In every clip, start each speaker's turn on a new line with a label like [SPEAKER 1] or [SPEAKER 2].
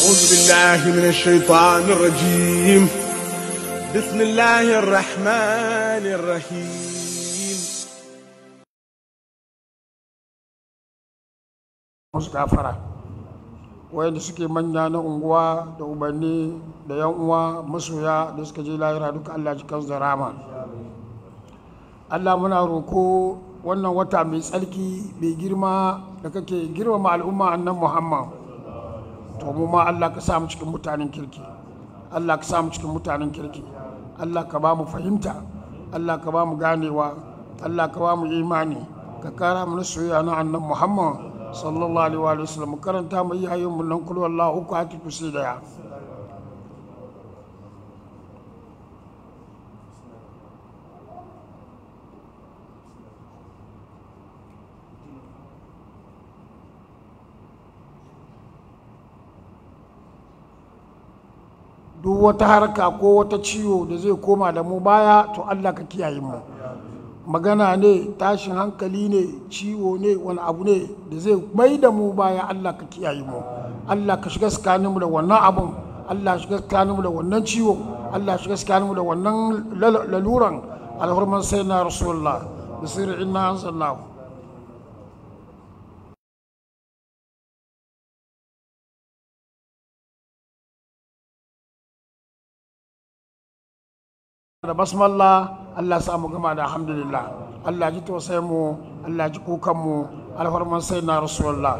[SPEAKER 1] أعوذ بالله من الشيطان الرجيم
[SPEAKER 2] بسم الله الرحمن الرحيم مستغفرة wayanda suke manya na unguwa da ubanni da yan uwa
[SPEAKER 3] masoya da suka je lahira duka Allah cikin zarama Allah muna roko wannan wata mai tsarki mai girma da kake girmama al'umma annan Muhammad to mu ma Allah ka samu cikin mutanen kirki Allah ka samu cikin mutanen kirki Allah ka ba mu fahimta Allah ka ba mu ganewa Allah ka ba mu imani ka kara mu soyayya na annan Muhammad sallallahu alaihi wa sallam karanta mu yayin mu nan kullu Allah uku hatu sai da ya duk wata harka ko wata ciwo da zai koma da mu baya to Allah ka kiyaye mu magana ne tashin hankali ne ciwo ne wani abu ne da zai mai da mu baya Allah ka kiyaye mu Allah ka shiga mu da wannan abun Allah shiga mu da wannan ciwo Allah shiga mu da wannan laluran alhurman sayyidina rasulullah
[SPEAKER 2] bisir inna anzalnahu da basmalla Allah sa mu gama da alhamdulillah
[SPEAKER 3] Allah ji tausayin mu Allah ji kukan mu alfarman sai na rasulullah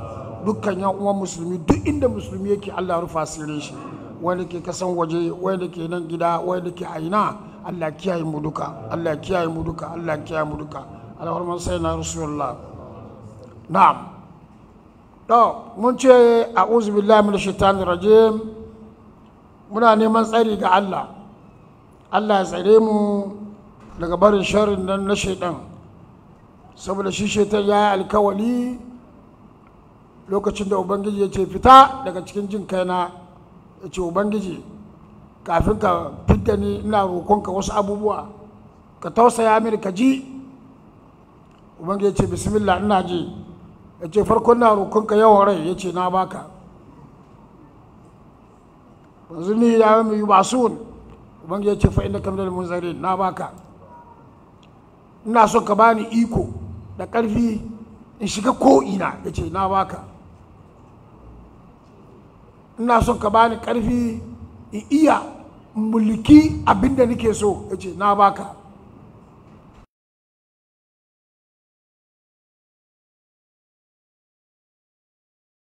[SPEAKER 3] dukkan yan uwan musulmi duk inda musulmi yake Allah rufa asirin shi wanda ke kasan waje wanda ke nan gida wanda ke aina Allah kiyaye mu duka Allah kiyaye mu duka Allah kiyaye mu duka alfarman sai na rasulullah na'am to mun ce a'udhu billahi minash shaitanir rajim muna neman tsari ga Allah Allah ya tsare mu daga barin sharin nan na shaidan saboda shi shaitan ya yi alkawali lokacin da ubangiji ya ce fita daga cikin jin kaina ya ce ubangiji kafin ka fidda ni ina roƙonka wasu abubuwa ka tausaya mini ka ji ubangiji ya ce bismillah ina ji ya ce farkon na roƙonka yawan rai ya ce na baka yanzu ni ya yi basun ubangi ya ce fa kamar minal munzarin na baka ina so ka bani iko da ƙarfi in shiga ko'ina ya ce na baka ina so ka bani ƙarfi in iya
[SPEAKER 2] mulki abinda nike nake so ya ce na baka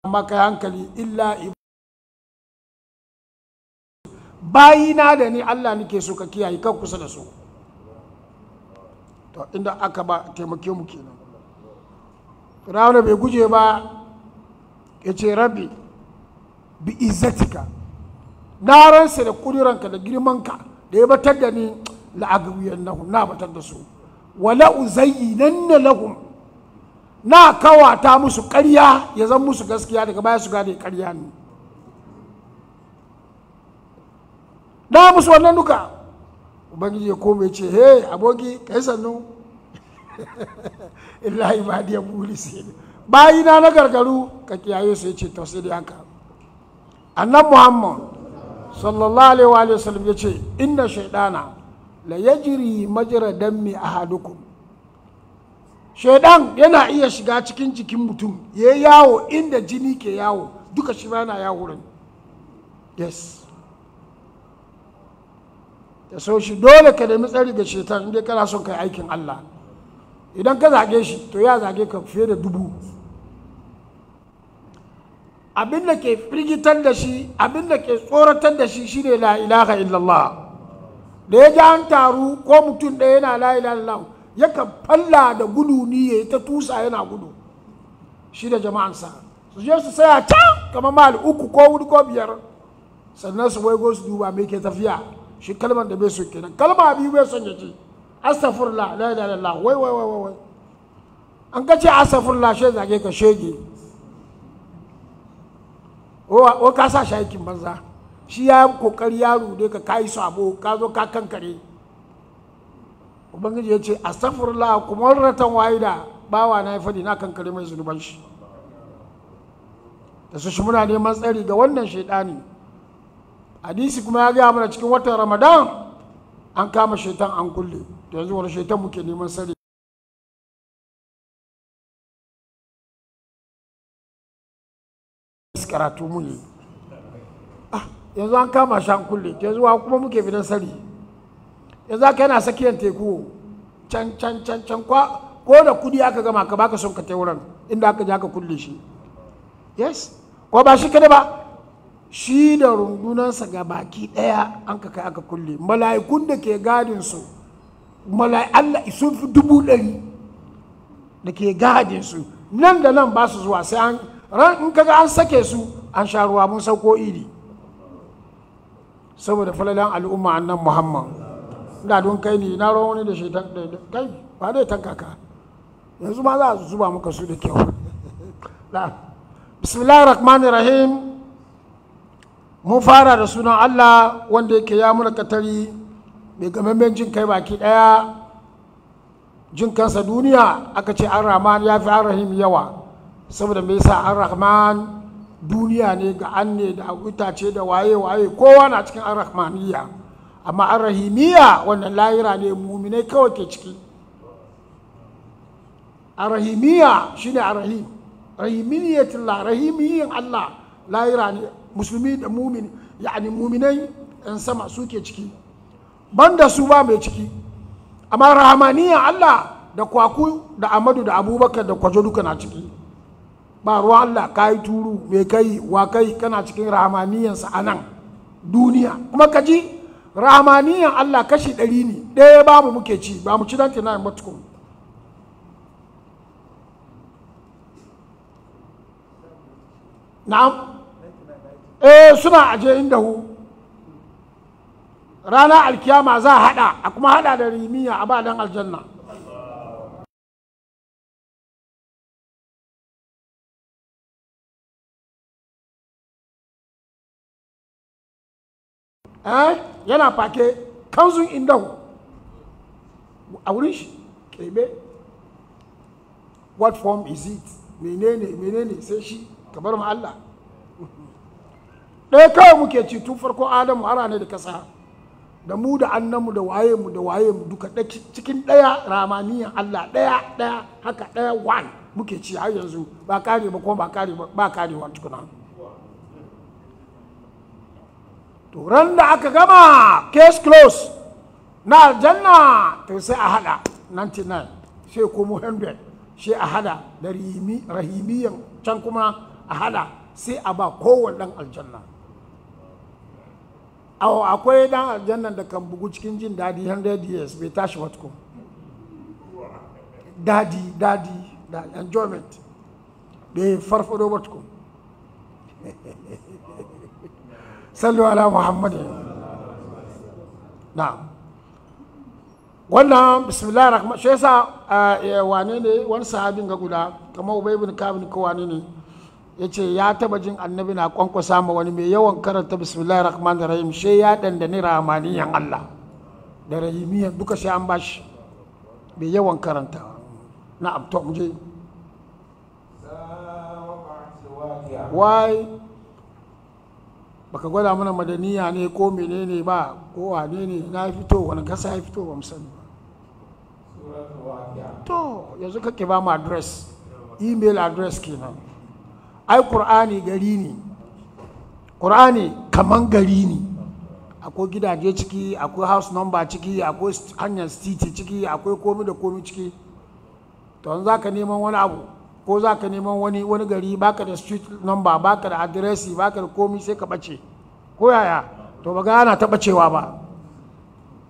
[SPEAKER 2] amma hankali illa bayina
[SPEAKER 3] da ni Allah nake so ka kiyaye kan kusa da su to inda aka ba taimake mu kenan firawuna bai guje ba ya ce rabbi bi izzatika na ransa da kuduranka da girmanka da ya batar da ni la'agawiyan nahum na batar da su wala uzayyinanna lahum na kawata musu karya ya zan musu gaskiya daga baya su gane karya ne da musu wannan duka ubangiji ya kome ce he aboki ka yi sannu illa ibadiyar mulisi bayi na gargaru ka kiyaye su ya ce tausiri haka annan muhammad sallallahu alaihi wa sallam ya ce inna shaidana la yajri majra dammi ahadukum shaidan yana iya shiga cikin jikin mutum ya yawo inda jini ke yawo duka shi yana yawo ran yes ya so shi dole ka nemi tsari ga shetan inda kana son kai aikin Allah idan ka zage shi to ya zage ka fiye da dubu abin da ke firgitar da shi abin da ke tsoratar da shi shine la ilaha illallah da ya ji an taru ko mutum ɗaya yana la ilaha illallah yakan falla da gudu ni ya ta tusa yana gudu shi da jama'ansa su je su saya can kamar mali uku ko hudu ko biyar sannan su waigo su duba me ke tafiya shi kalmar da bai so kenan kalma biyu bai son ya ce astaghfirullah la ilaha illallah wai wai wai wai an ka ce astaghfirullah shi zage ka shege o ka sa shi aikin banza shi ya yi kokari yaro ne ka kayi sabo ka zo ka kankare ubangiji ya ce astaghfirullah kuma warratan wahida bawa na ya fadi na kankare mai zunuban shi da su shi muna neman tsari ga wannan shaidani hadisi kuma ya gaya mana cikin
[SPEAKER 2] watan ramadan an kama shaitan an kulle to yanzu wani shaitan muke neman sani karatu mu ne ah, yanzu an kama shi an kulle to yanzu
[SPEAKER 3] kuma muke bidan sari yanzu aka yana tsakiyar teku can can can can kwa ko da kudi aka gama ka baka son ka tai wurin inda aka je aka kulle shi yes ko ba shi kada ba shi da rundunansa ga baki ɗaya an ka kai aka kulle mala'ikun da ke gadinsu Allah sun fi dubu ɗari da ke gadinsu nan da nan ba su zuwa sai an ran in kaga an sake su an sha ruwa mun sauko iri saboda falalan al'umma annan muhammad da don kai ne na rawan wani da shaitan da kai ba dai tankaka yanzu ma za su zuba maka su da kyau bismillahir rahmanir rahim mun fara da sunan allah wanda yake ya muna katari mai gamammen jin kai baki ɗaya jin kansa duniya aka ce an rahman ya fi an rahim yawa saboda me yasa an rahman duniya ne ga an ne da itace da waye waye kowa na cikin an rahmaniyya amma an Rahimiya wannan layira ne muminai kawai ke ciki an shi shine an rahim rahimiyyatin allah layira ne musulmi da mumin ya'ani muminai yan sama suke ciki banda su ba mai ciki amma rahamaniya Allah da kwaku da amadu da abubakar da kwajo duka na ciki ba ruwa Allah ka yi turu mai kai wa kai kana cikin rahamaniyansa a nan duniya kuma kaji ji rahamaniyan Allah kashi ɗari ne ɗaya mu muke ci ba mu ci dan tana ba na'am eh suna aje inda hu
[SPEAKER 2] rana alkiyama za a hada a kuma hada da rimiya a badan aljanna eh yana fake kanzun indahu a wurin shi kebe
[SPEAKER 3] what form is it menene menene sai shi kamar ma Allah ɗaya kawai muke ci tun farko adamu Ara ne da kasa da mu da annamu da waye mu da waye mu duka cikin ɗaya ramaniyan Allah ɗaya ɗaya haka ɗaya one muke ci har yanzu ba kare ba ko ba kare ba karewa tukuna to ran da aka gama case close na aljanna to sai a hada 99 sai ko 100 sai a hada da rahimiyan can kuma a hada sai a ba kowa dan aljanna akwai dan aljannan da kan bugu cikin jin dadi 100 years bai tashi ba daɗi dadi dadi da enjoyment bai farfado ba tukun sallu ala muhammadin na wannan bismillah rahman shi yasa eh, eh, wane ne wani sahabin ga guda kamar ubay ibn kabin ko wane ne ya ce ya taba jin annabi na kwankwasa ma wani mai yawan karanta bismillahir rahmanir rahim shi ya dandani rahmaniyan Allah da rahimiyan duka sai an bashi mai yawan karanta na to mu je wai baka gwada mana madaniya ne ko menene ba ko wane ne na fito wani kasa ya fito ba musamman to yanzu kake ba mu address email address kenan ai ƙur'ani gari ne ƙur'ani kaman gari ne akwai gidaje ciki akwai house number ciki akwai hanyar city ciki akwai komi da komi ciki to za ka neman wani abu ko za ka neman wani wani gari baka da street number baka da adiresi baka da komi sai ka bace ko yaya to ba gana ta bacewa ba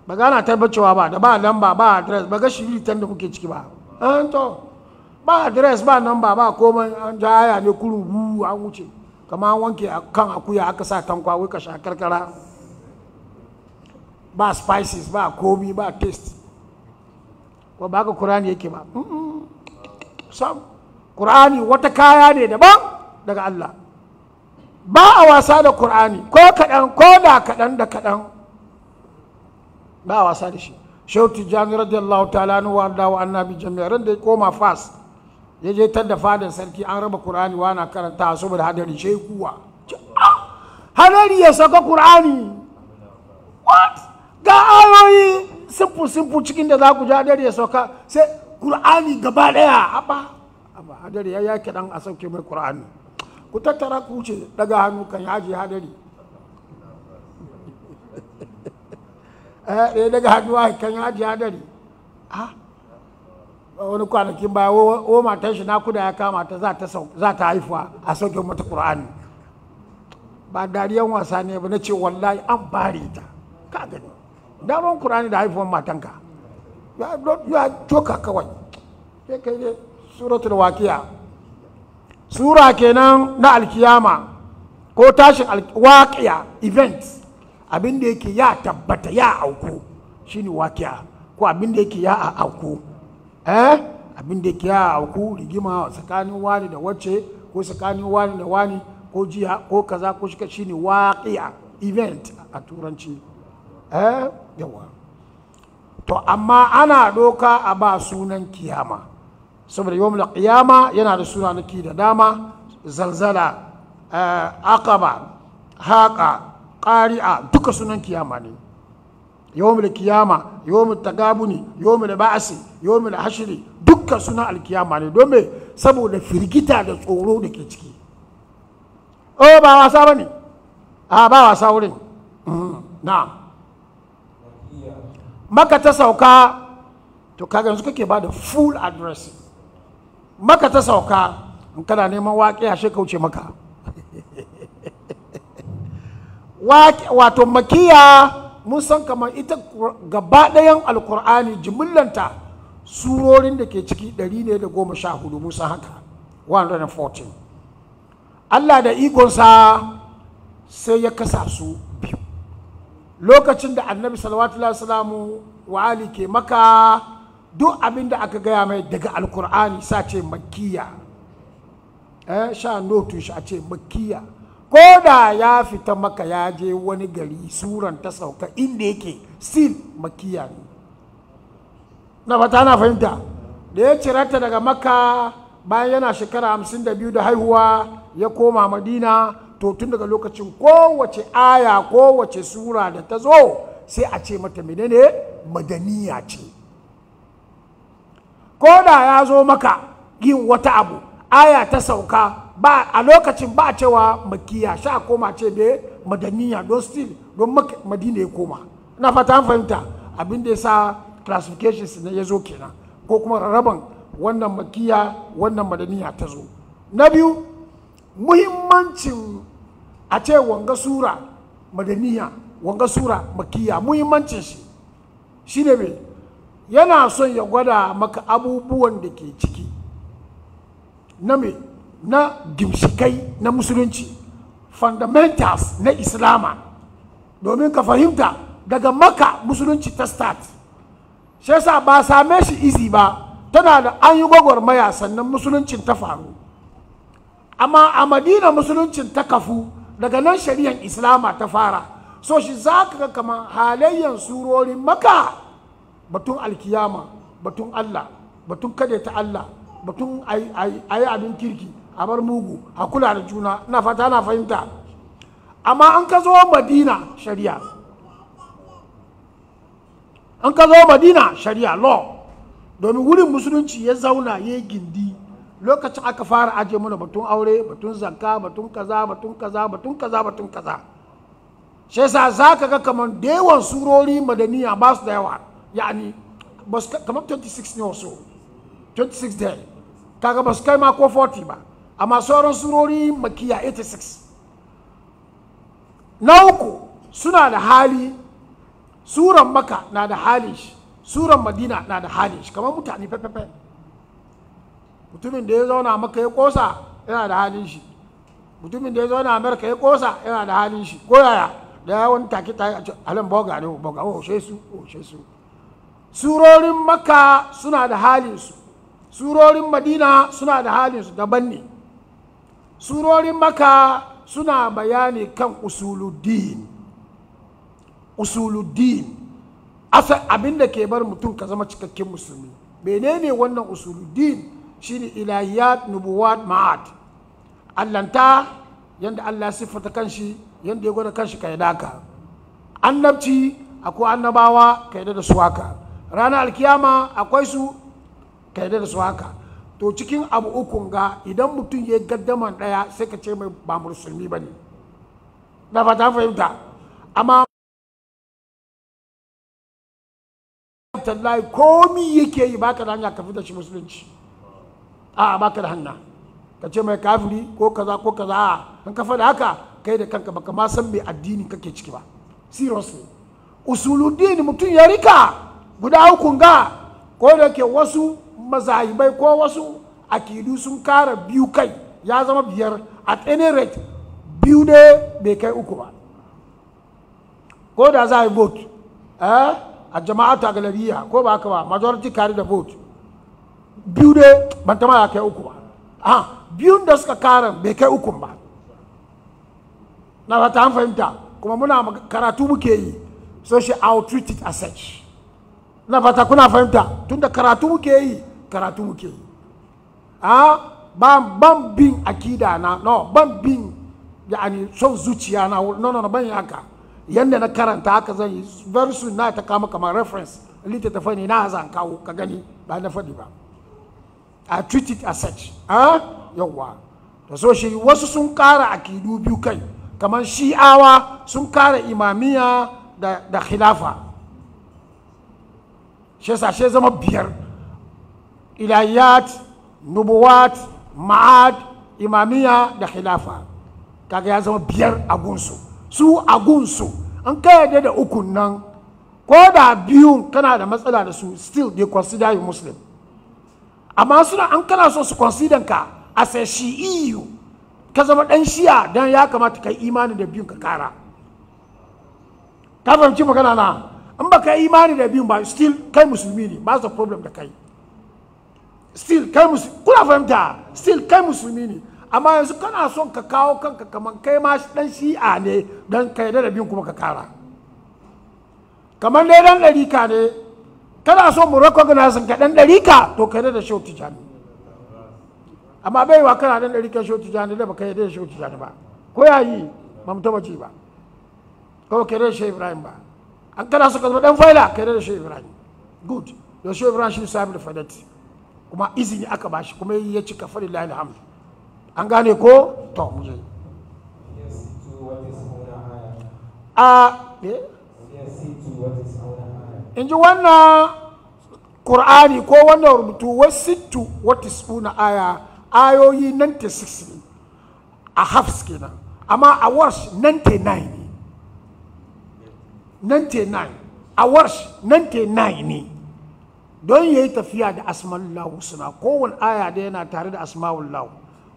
[SPEAKER 3] ba gana ta bacewa ba da ba lamba ba adres ba ga shiritan da muke ciki ba an to ba adres ba nan ba ba komai an ja haya ne kuru an wuce kama an wanke kan akuya aka sa tankwa wuka ka sha karkara ba spices ba komi ba taste ko ba ka kurani yake ba sam kurani wata kaya ne daban daga Allah ba a wasa da kur'ani ko kaɗan ko da kaɗan da kaɗan ba a wasa da shi shautu jami'ar radiyallahu ta'ala ni da wa annabi jami'ar da ya koma fas ya je da fadar sarki an raba qur'ani wa na karanta saboda hadari shi kuwa hadari ya saka qur'ani what ga ayoyi simple simple cikin da za ku ji hadari ya sauka sai qur'ani gaba daya haba aba hadari ya yake dan a sauke mai qur'ani ku tattara ku ce daga hannu kan yaji hadari eh, eh daga hannu kan yaji hadari ah wani kwanakin baya wo matan shi nakuda ya kama ta za ta haifuwa a saukin mata kur'ani ba dariyan wasa ne ba na ce wallahi an bari ta ka gani daron qur'ani da haifuwan matanka ya coka kawai sai kai ne suratul waqiya sura kenan na alkiyama ko tashin waqiya event abin da yake ya tabbata ya auku shine waqiya ko abin da yake ya auku eh abin da ke auku rigima tsakanin wani da wacce ko tsakanin wani da wani ko jiya ko kaza ko kashi ne waƙiya event a turanci eh yawa to amma ana doka a ba sunan kiyama saboda da kiyama yana da sunanaki da dama zalzala haƙa eh, haqa ƙari'a duka sunan kiyama ne yawmul kiyama yawmul tagabuni ba'asi ba'si yawmul hashiri dukkan suna alkiyama ne don me saboda firgita da tsoro da ke ciki o ba wasa bane a ba wasa wurin mhm. na maka ta sauka to kaga yanzu kake ba da full address maka ta sauka in kana neman waƙiya shi kauce maka wato makiya mun san kamar ita gaba ɗayan alkur'ani jimillanta surorin da ke ciki ɗari ne da goma sha hudu mun san haka 114 allah da igonsa sai ya kasa su biyu lokacin da annabi salawatullahi salamu wa ali ke maka duk abin da aka gaya mai daga alkur'ani sa ce makiya eh sha notu shi a ce makiya ko da ya fita maka ya je wani gari suran ta sauka inda yake sin makiya ne na fata na fahimta da ya ta daga maka bayan yana shekara hamsin da biyu da haihuwa ya koma madina to tun daga lokacin kowace aya kowace sura da ta zo sai a ce mata menene madaniya ce ko da ya zo maka yin wata abu aya ta sauka ba a lokacin ba cewa makiya sha koma ce be madaniya don still don madina ya koma na fata an fahimta abin da ya sa classifications na ya zo kenan ko kuma rarraban wannan makiya wannan madaniya ta zo na biyu muhimmancin a ce wanga sura madaniya wanga sura makiya muhimmancin shi shi ne yana son ya gwada maka abubuwan da ke ciki na mai na gimshikai na musulunci fundamentals na islama domin ka fahimta daga maka musulunci ta start shi yasa ba same shi izi ba tana da an yi gwagwarmaya sannan musuluncin ta faru amma a madina musuluncin ta kafu daga nan shari'an islama ta fara so shi za ka ga kamar halayyar surorin maka batun alkiyama batun allah batun kadaita allah batun ayi abin kirki a bar mugu a kula da juna na fata na fahimta amma an ka zo madina shari'a an ka zo madina shari'a law domin wurin musulunci ya zauna ya gindi lokacin aka fara aje mana batun aure batun zanka batun kaza batun kaza batun kaza batun kaza shi yasa za ka ga kamar dewan surori madaniya ba su da yawa yani kamar 26 ne wasu 26 day kaga ba su kai ma ko 40 ba amma sauran surori makiya 86 na uku suna da hali suran maka na da halin shi suran madina na da halin shi kamar mutane fefefe mutumin da ya zauna maka ya kosa yana da halin shi mutumin da ya zauna amurka ya kosa yana da halin shi goyaya da ya wani take ta halin boga ne boga oshe su oshe su surorin maka suna da halin su surorin madina suna da halin su daban ne surorin maka suna bayani kan usuluddin usuluddin asa abinda ke bar mutum ka zama cikakken musulmi menene wannan usuluddin shine ilahiyat nubuwat ma'ad allanta yanda Allah ya siffata kanshi yanda ya gwada kanshi ka daka ka annabci akwai annabawa ka da su haka ranar alkiyama akwai su ka da su haka to cikin abu ukun ga idan mutum ya gaddama ɗaya sai ka ce mai ba
[SPEAKER 2] musulmi ba ne na fata fahimta amma tallahi komi yake yi baka da hanya ka fi da shi
[SPEAKER 3] musulunci a baka da hanya ka ce mai kafiri ko kaza ko kaza a an kafa da haka kai da kanka baka ma san mai addini kake ciki ba seriously usuluddin mutum ya rika guda ukun ga ko da ke wasu mazahibai ko wasu akidu sun kara biyu kai ya zama biyar at any rate biyu ne bai kai uku ba ko da za a yi vote eh, a jama'a ta galeriya ko ba haka ba majority carry da vote biyu ne ban tama ya kai uku ba a biyu da suka kara bai kai uku ba na ba ta fahimta kuma muna karatu muke yi so she outreach it as such na fata kuna fahimta tunda karatu muke yi karatu muke yi a ban bin akida na no ban bin ani son zuciya na no no ban yaka yanda yadda na karanta haka zan yi very na ta kama kamar reference ta ne na zan kawo ka gani ba na faɗi ba a treat it as such a yawa to so shi wasu sun kara akidu biyu kai kamar shi'awa sun kara imamiya da, da khilafa shi zama biyar ilayat nubuwat ma'ad imamiya da khilafa kaga ya zama biyar agunsu su agunsu an kai da ukun nan ko da biyun kana da matsala da su still they consider you muslim amma suna an kana so su consider ka as a shi'iyu ka zama dan shi'a dan ya kamata kai imani da biyun ka kara ka fahimci magana na in baka imani da biyun ba still kai musulmi ne ba za problem da kai still kai musulmi kuna fahimta still kai musulmi ne amma yanzu kana son ka kawo kanka kamar kai ma dan shi'a ne dan kai da rabin kuma ka kara kamar dai dan ɗarika ne kana son mu recognize ka dan ɗarika to kai da shautu jani amma bai wa kana dan ɗarika shautu jani da baka yarda da shautu jani ba ko ya yi ba mu taba ba ko kai da shehu ibrahim ba an kana son ka zama dan faila kai da shehu ibrahim good da shehu ibrahim shi sabu da fadati kuma izini aka ba shi kuma ya cika fari lalai hamdu an gane ko to mu je a in ji wannan ƙur'ani ko wannan rubutu wasittu wata suna aya ayoyi 96 ne a hafs kenan amma a warsh 99 ne 99 a warsh 99 ne don ya yi tafiya da asma'ullahu suna kowane aya da yana tare da asma'ullahu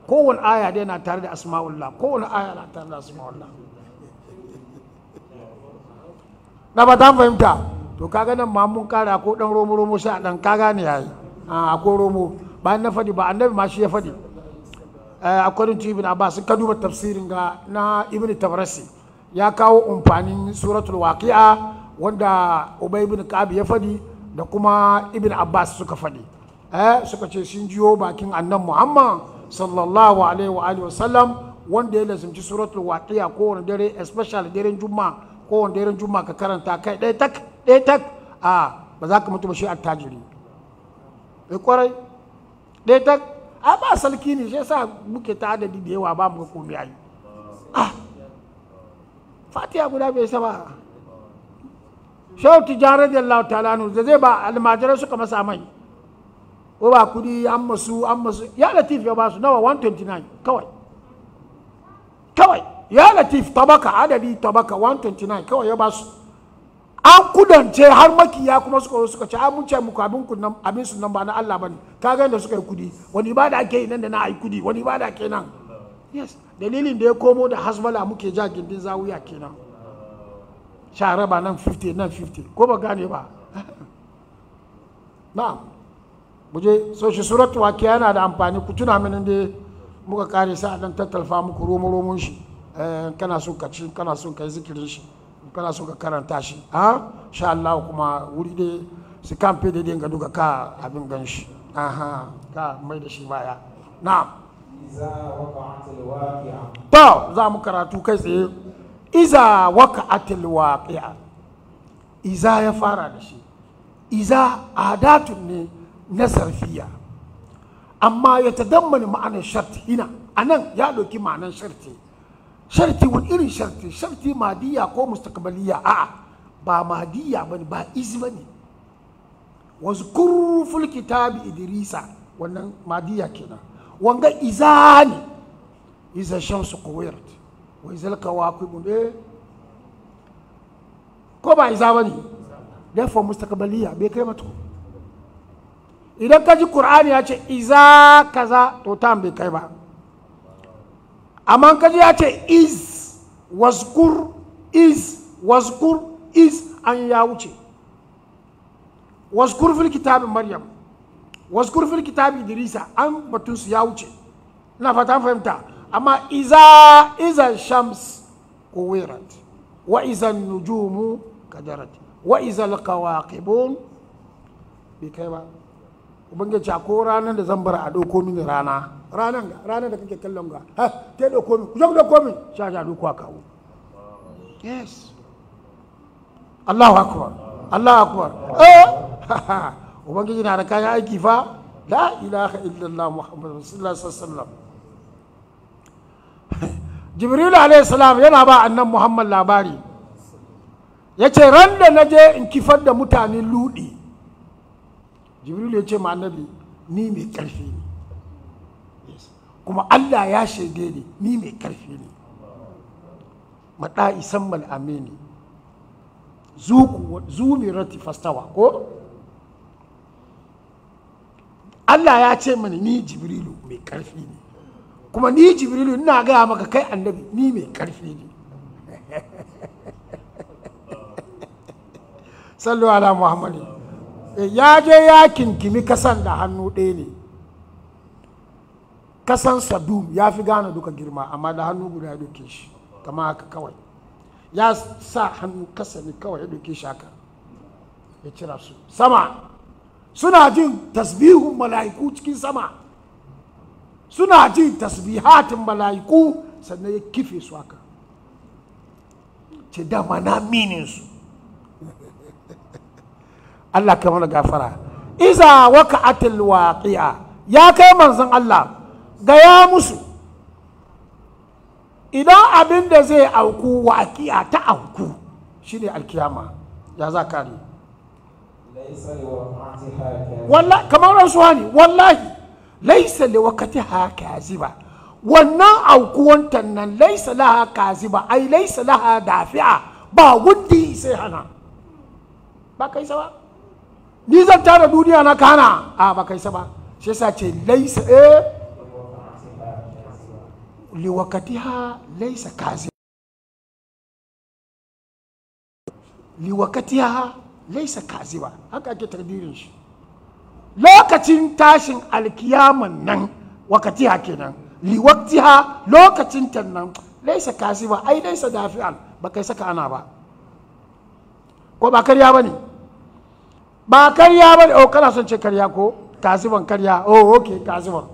[SPEAKER 3] kowane aya da yana tare da asma'ullahu kowane aya na tare da asma'ullahu na ba ta fahimta to kaga nan ma mun kara ko dan romo romo sai a dan kaga ne yayi a ko romo ba na fadi ba annabi ma shi ya fadi eh, according to ibn abbas ka duba tafsirin ga na ibn tabarasi ya kawo umfanin suratul waqi'a wanda ubay ibn ka'ab ya fadi da kuma ibn abbas suka faɗi eh suka ce sun jiyo bakin annan muhammad sallallahu alaihi wa alihi wasallam wanda ya lazimci suratul waqiya wani dare especially daren Juma, ko wani daren Juma ka karanta kai ɗaya tak ɗaya tak a ba za ka mutu ba shi attajiri bai eh, kwarai ɗaya tak a ba salki ne shi yasa muke ta adadi da yawa ba mu ga komai ayi ah fatiha guda bai saba shau tijara da Allah ta'ala da zai ba almajirai suka masa mai ko ba kudi an masu an masu ya latif ya ba su nawa 129 kawai kawai ya latif tabaka adadi tabaka 129 kawai ya ba su an kudance har makiya kuma suka suka ce mun ce muku abin ku abin su nan ba na Allah bane ka ga da suka yi kudi wani ibada ake yi nan da na ai kudi wani ibada nan yes dalilin da ya komo da hasbala muke ja gindin zawiya kenan share raba nan 50 nan 50 ko ba gane ba na'am muje so shi suratu waqiya yana da amfani ku tuna mini da muka kare sa dan tattalfa muku romo romon shi eh, kana so ka ci kana so ka yi zikirin shi kana so ka karanta shi ha sha Allah kuma wuri dai su kamfe da dinga duka ka abin ganshi aha ka mai da shi baya na'am to za mu karatu kai tsaye iza waka atil waqi'a iza ya fara da shi iza adatun ne na sarfiya amma ya damani ma'anar sharti ina anan ya ɗauki ma'anar sharti sharti wani irin sharti sharti madiya ko mustakbaliya a'a ba madiya ba ba iz bane wasu kurful kitabi idrisa wannan madiya kenan wanga iza ne iza shamsu kuwairat wai zalka wa kuɓin eh ko ba isa ba ne dafa mustakabaliya bai kai mata idan ka ji ƙur'ani ya ce iza kaza to ta bai kai ba amma ka ji ya ce is waskur is waskur is an ya wuce waskur fil kitabin maryam waskur fil kitabin dirisa an batunsu ya wuce ina fata fahimta amma iza izan shams kuwirat wa izan nujumu kadarat wa izal kawaqibun bi kai ba ubangiji a ko ranar da zan bar a ɗauko mini rana ranar ga ranar da kake kallon ga ha ta ɗauko min ku zan ɗauko min sha sha ɗauko a kawo yes Allahu akbar Allahu akbar eh ubangiji na da kayan aiki fa la ilaha illallah muhammadu sallallahu alaihi wasallam jibrilu alaihissalam yana ba annan muhammad labari ya ce ran da na je in kifar da mutane ludi jibrilu ya ce ma annabi ni mai karfi ne kuma allah ya shaide ni ni mai ƙarfi ne maɗa isan mal'amini zumirati fastawa ko allah ya ce mani ni jibrilu mai karfi ne kuma ni jibrilu ina gaya maka kai annabi ni mai karfi ne sallu ala muhammadi eh, ya je ya kinkimi kasan da hannu ɗaya ne kasan sadum ya fi gane duka girma amma da hannu guda ya doke shi kama haka kawai ya sa hannu kasa ne kawai ya doke shi haka ya cira su sama suna jin tasbihun mala'iku cikin sama suna ji tasbihatin mala'iku sannan ya kife su haka ce dama na minin su Allah kai mana gafara iza waka atil waqi'a ya kai manzon Allah gaya musu idan abin da zai auku waqi'a ta auku shine alkiyama ya za kare wallahi kamar rasuwa ne wallahi laisa li waqtiha kaziba wannan aukuwantan nan laisa laha kaziba ai laisa laha dafi'a ba wundi sai hana ba kai sa ba ni zan tara duniya na kana a ba kai sa ba shi yasa
[SPEAKER 2] ce laisa eh li ha laisa kaziba li waqtiha laisa kaziba haka ake tarbiyyar shi lokacin tashin
[SPEAKER 3] alkiyaman nan wakati nan kenan ha lokacin ta nan laisa kasi ba ai laisa dafi'al ba kai saka ana ba ko ba karya ba ne ba karya ba ne o oh, kana son ce karya ko kasiban karya oh ok kasiban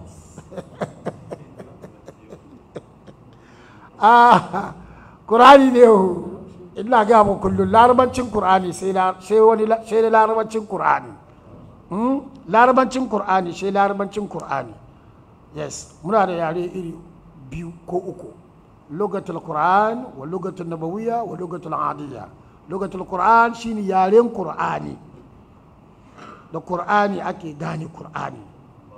[SPEAKER 3] ah kurani ne o ina ga mu kullum larabancin kurani sai wani sai larabancin kurani Hmm? larabancin kur'ani shi larabancin kur'ani yes muna da yare iri biyu ko uku lokacin qur'an wa lokacin nabawiya, wa lokacin adiyya lugatul shi ne yaren kur'ani da kur'ani ake gane kur'ani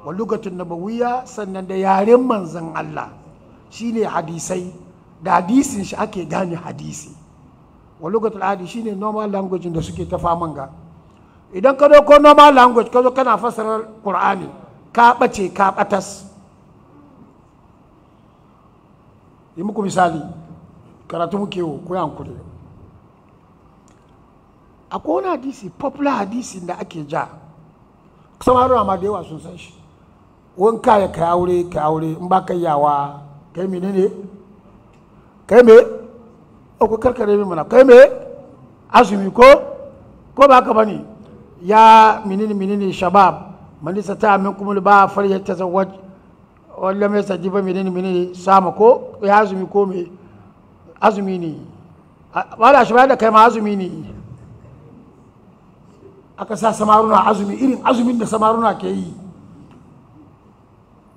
[SPEAKER 3] wa lokacin nabawiya sannan da yaren manzan Allah shi ne hadisai da hadisin shi ake gane hadisi wa lokacin adi ne normal language da suke ta faman ga idan ka ko normal language ka zo kana fasarar qur'ani ka ɓace ka ɓatas yi muku misali karatu muke wo ko yankuri akwai wani hadisi popular hadisi da ake ja samaruwa ma da yawa sun san shi wani kaya ka aure ka aure in ba ka yawa kai mene ne kai me ko karkare min mana kai me azumi ko ko ba ka bane ya minini minini shabab manisa ta min kuma ba farje ta zawaj wala mai saji ba minini minini sama ko ya azumi ko me azumi ne ba da shi da kai ma azumi ne aka sa samaruna azumi irin azumin da samaruna ke yi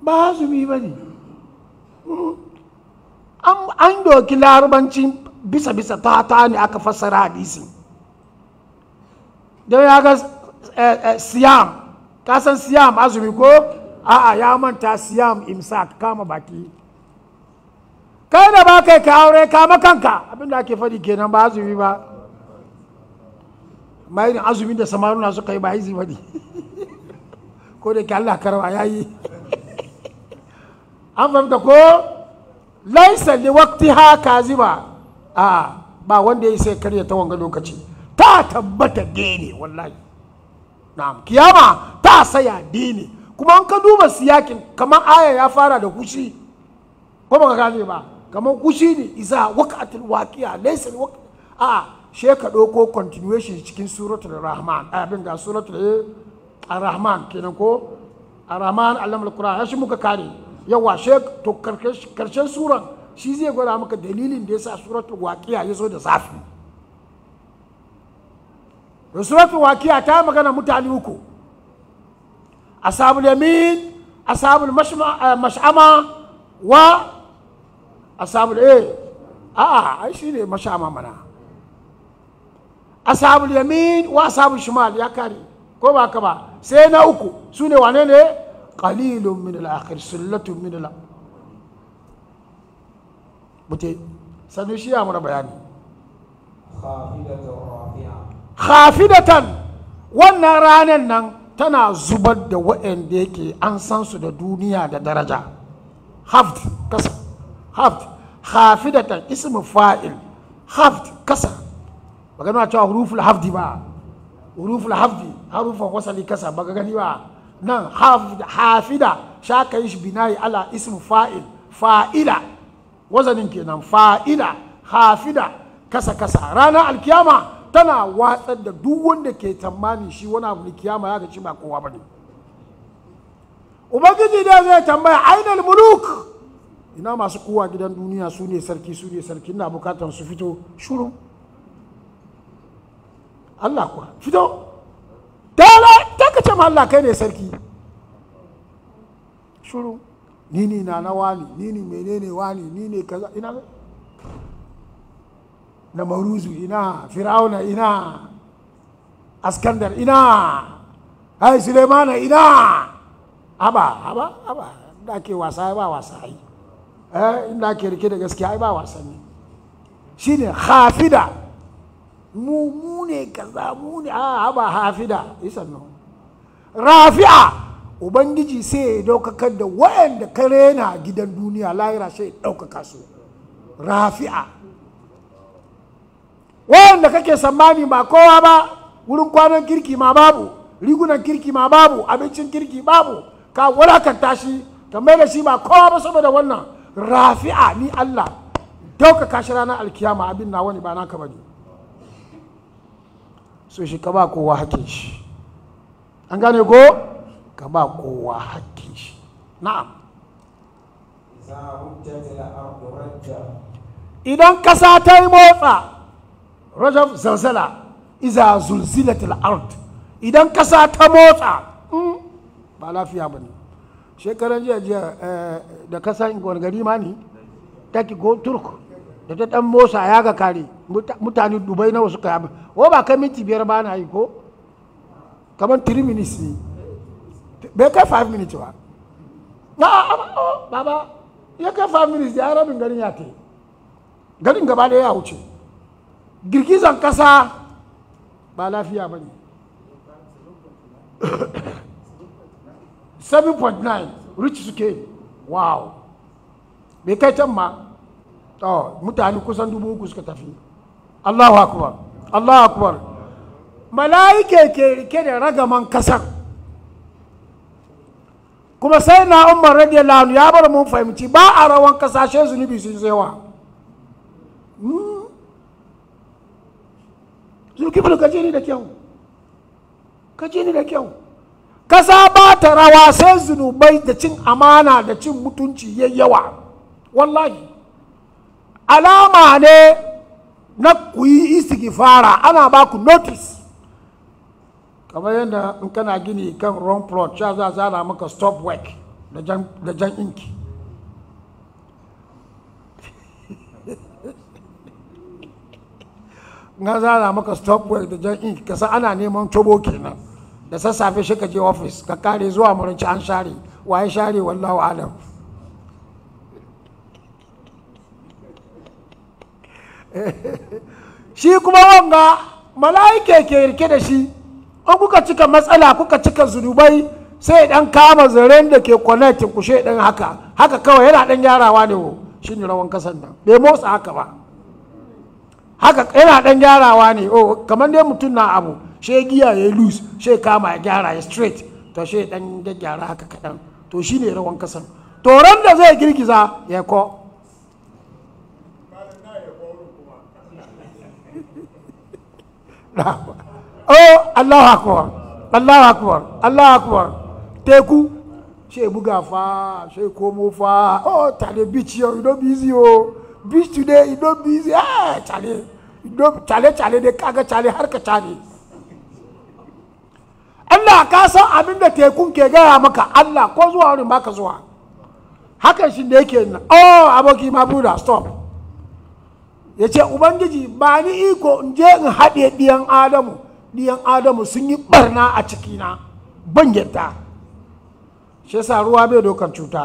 [SPEAKER 3] ba azumi ba ne an doki larubanci bisa bisa ta ta ne aka fassara hadisi don ya gasa Eh, eh, siyam kasan san siyam azumi ko a'a ya manta siyam imsak kama baki kai da ba kai ka aure kama kanka abinda ake faɗi kenan ba azumi ba Mai azumi da samaruna suka yi ba hizi ba ne ko da ke Allah karwa ya yi an fahimta ko laisa li waqti ha kaziba a ba wanda ya sai karya ta wanga lokaci ta tabbata gene wallahi na'am kiyama ta saya dini kuma an ka duba siyakin kamar aya ya fara da kushi ko ba ka gane ba kamar kushi ne iza waqatul waqi'a laysa waq a she ka doko continuation cikin suratul rahman abin da suratul eh, rahman kenan ko rahman alamul qur'an shi muka kare yawa she to karshen suran shi zai gwada maka dalilin da yasa suratul waqi'a ya zo da zafi suratul waqi'a ta magana mutane uku ashabul yamin ashabul mash'ama wa ashabul eh ah ai shine mash'ama mana ashabul yamin wa ashabul shimal ya kare ko ba ka ba sai na uku su wane ne qalilun min al-akhir sullatun min al bute sanu shi ya mura bayani khafidatu rafi'a khafidatan wannan ranar nan tana zubar da waɗanda yake an san su da duniya da daraja haft kasa haft khafidatan ismu fa'il haft kasa ba gani cewa huruful hafdi ba huruful hafdi harufan wasali kasa ba gani ba nan hafida shaka yi shi binayi ala ismu fa'il fa'ila wazanin kenan fa'ila hafida kasa kasa ranar alkiyama tana watsar da duk wanda ke tamani shi wani abu ne kiyama ya ci ba kowa ba ne ubangiji da zai tambaya ainihin muluk ina masu kowa gidan duniya su ne sarki su ne sarki na bukatar su fito shuru Allah kuwa fito dala ta kace ma Allah kai ne sarki shuru ni ne na na wani ni ne menene wani ni ne kaza ina na maruzu ina fir'auna ina askandar ina ai sulemana ina haba haba haba da ke wasa ba wasa ai eh inda ke rike da gaskiya ai ba wasanni shine hafida mu mu ne kaza mu ne a haba hafida isan no rafi'a ubangiji sai ya daukakar da wayanda ka rena gidan duniya lahira sai ya daukaka su rafi'a wayanda kake sammani ba kowa ba wurin kwanan kirki ma babu rigunan kirki ma babu abincin kirki babu ka wulakanta tashi ka mai da shi ba kowa ba saboda wannan rafi'a ni Allah daukaka shi ranar alkiyama abin na wani ba naka bane so shi ka ba kowa hakkin shi an gane ko ka ba kowa hakkin shi na'am idan kasa ta yi motsa rajab zalzala iza zulzilatil ard idan kasa ta motsa hmm, ba lafiya ba ne shekaran jiya jiya eh, da kasa gari ma ne ta ki go turk da ta dan motsa ya ga kare mutane dubai na wasu kayan o ba kai minti biyar ba na yi ko kamar 3 minutes ne bai kai five minutes ba na baba ya kai five minutes da ya rabin garin ya kai garin gaba da ya wuce girgizan kasa ba lafiya ba ne 7.9 rich suke wow bai kai can ma oh, mutane kusan dubu uku suka tafi allahu akbar allahu akbar mala'ike ke rike da ragaman kasar kuma sai na umar lanu ya bar mun fahimci ba a rawan kasashen zunubi sun zewa wa. Hmm. zulkifil ka je ni da kyau ka je ni da kyau ka saba ta rawa sai zunubai da cin amana da cin mutunci ya yawa wallahi alama ne na ku yi istighfara ana ba ku notice kamar yadda in kana gini kan wrong plot sha za zana maka stop work da jan inki na zara maka stop da jan ink ka sa ana neman tobo kenan da sassafe shi ka je office ka kare zuwa murinci an share waye share wallahu alam shi kuma wanga mala'ike ke rike da shi an kuka cika matsala kuka cika zunubai sai dan kama zaren da ke connecting ku dan haka haka kawai yana dan gyarawa ne wo shine rawan kasan nan bai motsa haka ba haka yana dan gyarawa ne oh kamar dai mutum na abu she giya ya loose she kama ya gyara ya straight to she dan gyara haka kadan to shine rawan kasan ran da zai girgiza ya ko oh Allahu akbar Allahu akbar Allahu akbar teku she buga fa she komo fa oh tale beach yo no busy oh beach today you no be easy ah chale no chale chale dai kaga chale har ka chale Allah ka san abin da tekun ke gaya maka Allah ko zuwa wurin baka zuwa hakan shi da yake nan oh aboki ma buda stop ya ce ubangiji ba ni iko in je in haɗe ɗiyan adamu ɗiyan adamu sun yi ɓarna a cikina ban yadda shi yasa ruwa bai dokan cuta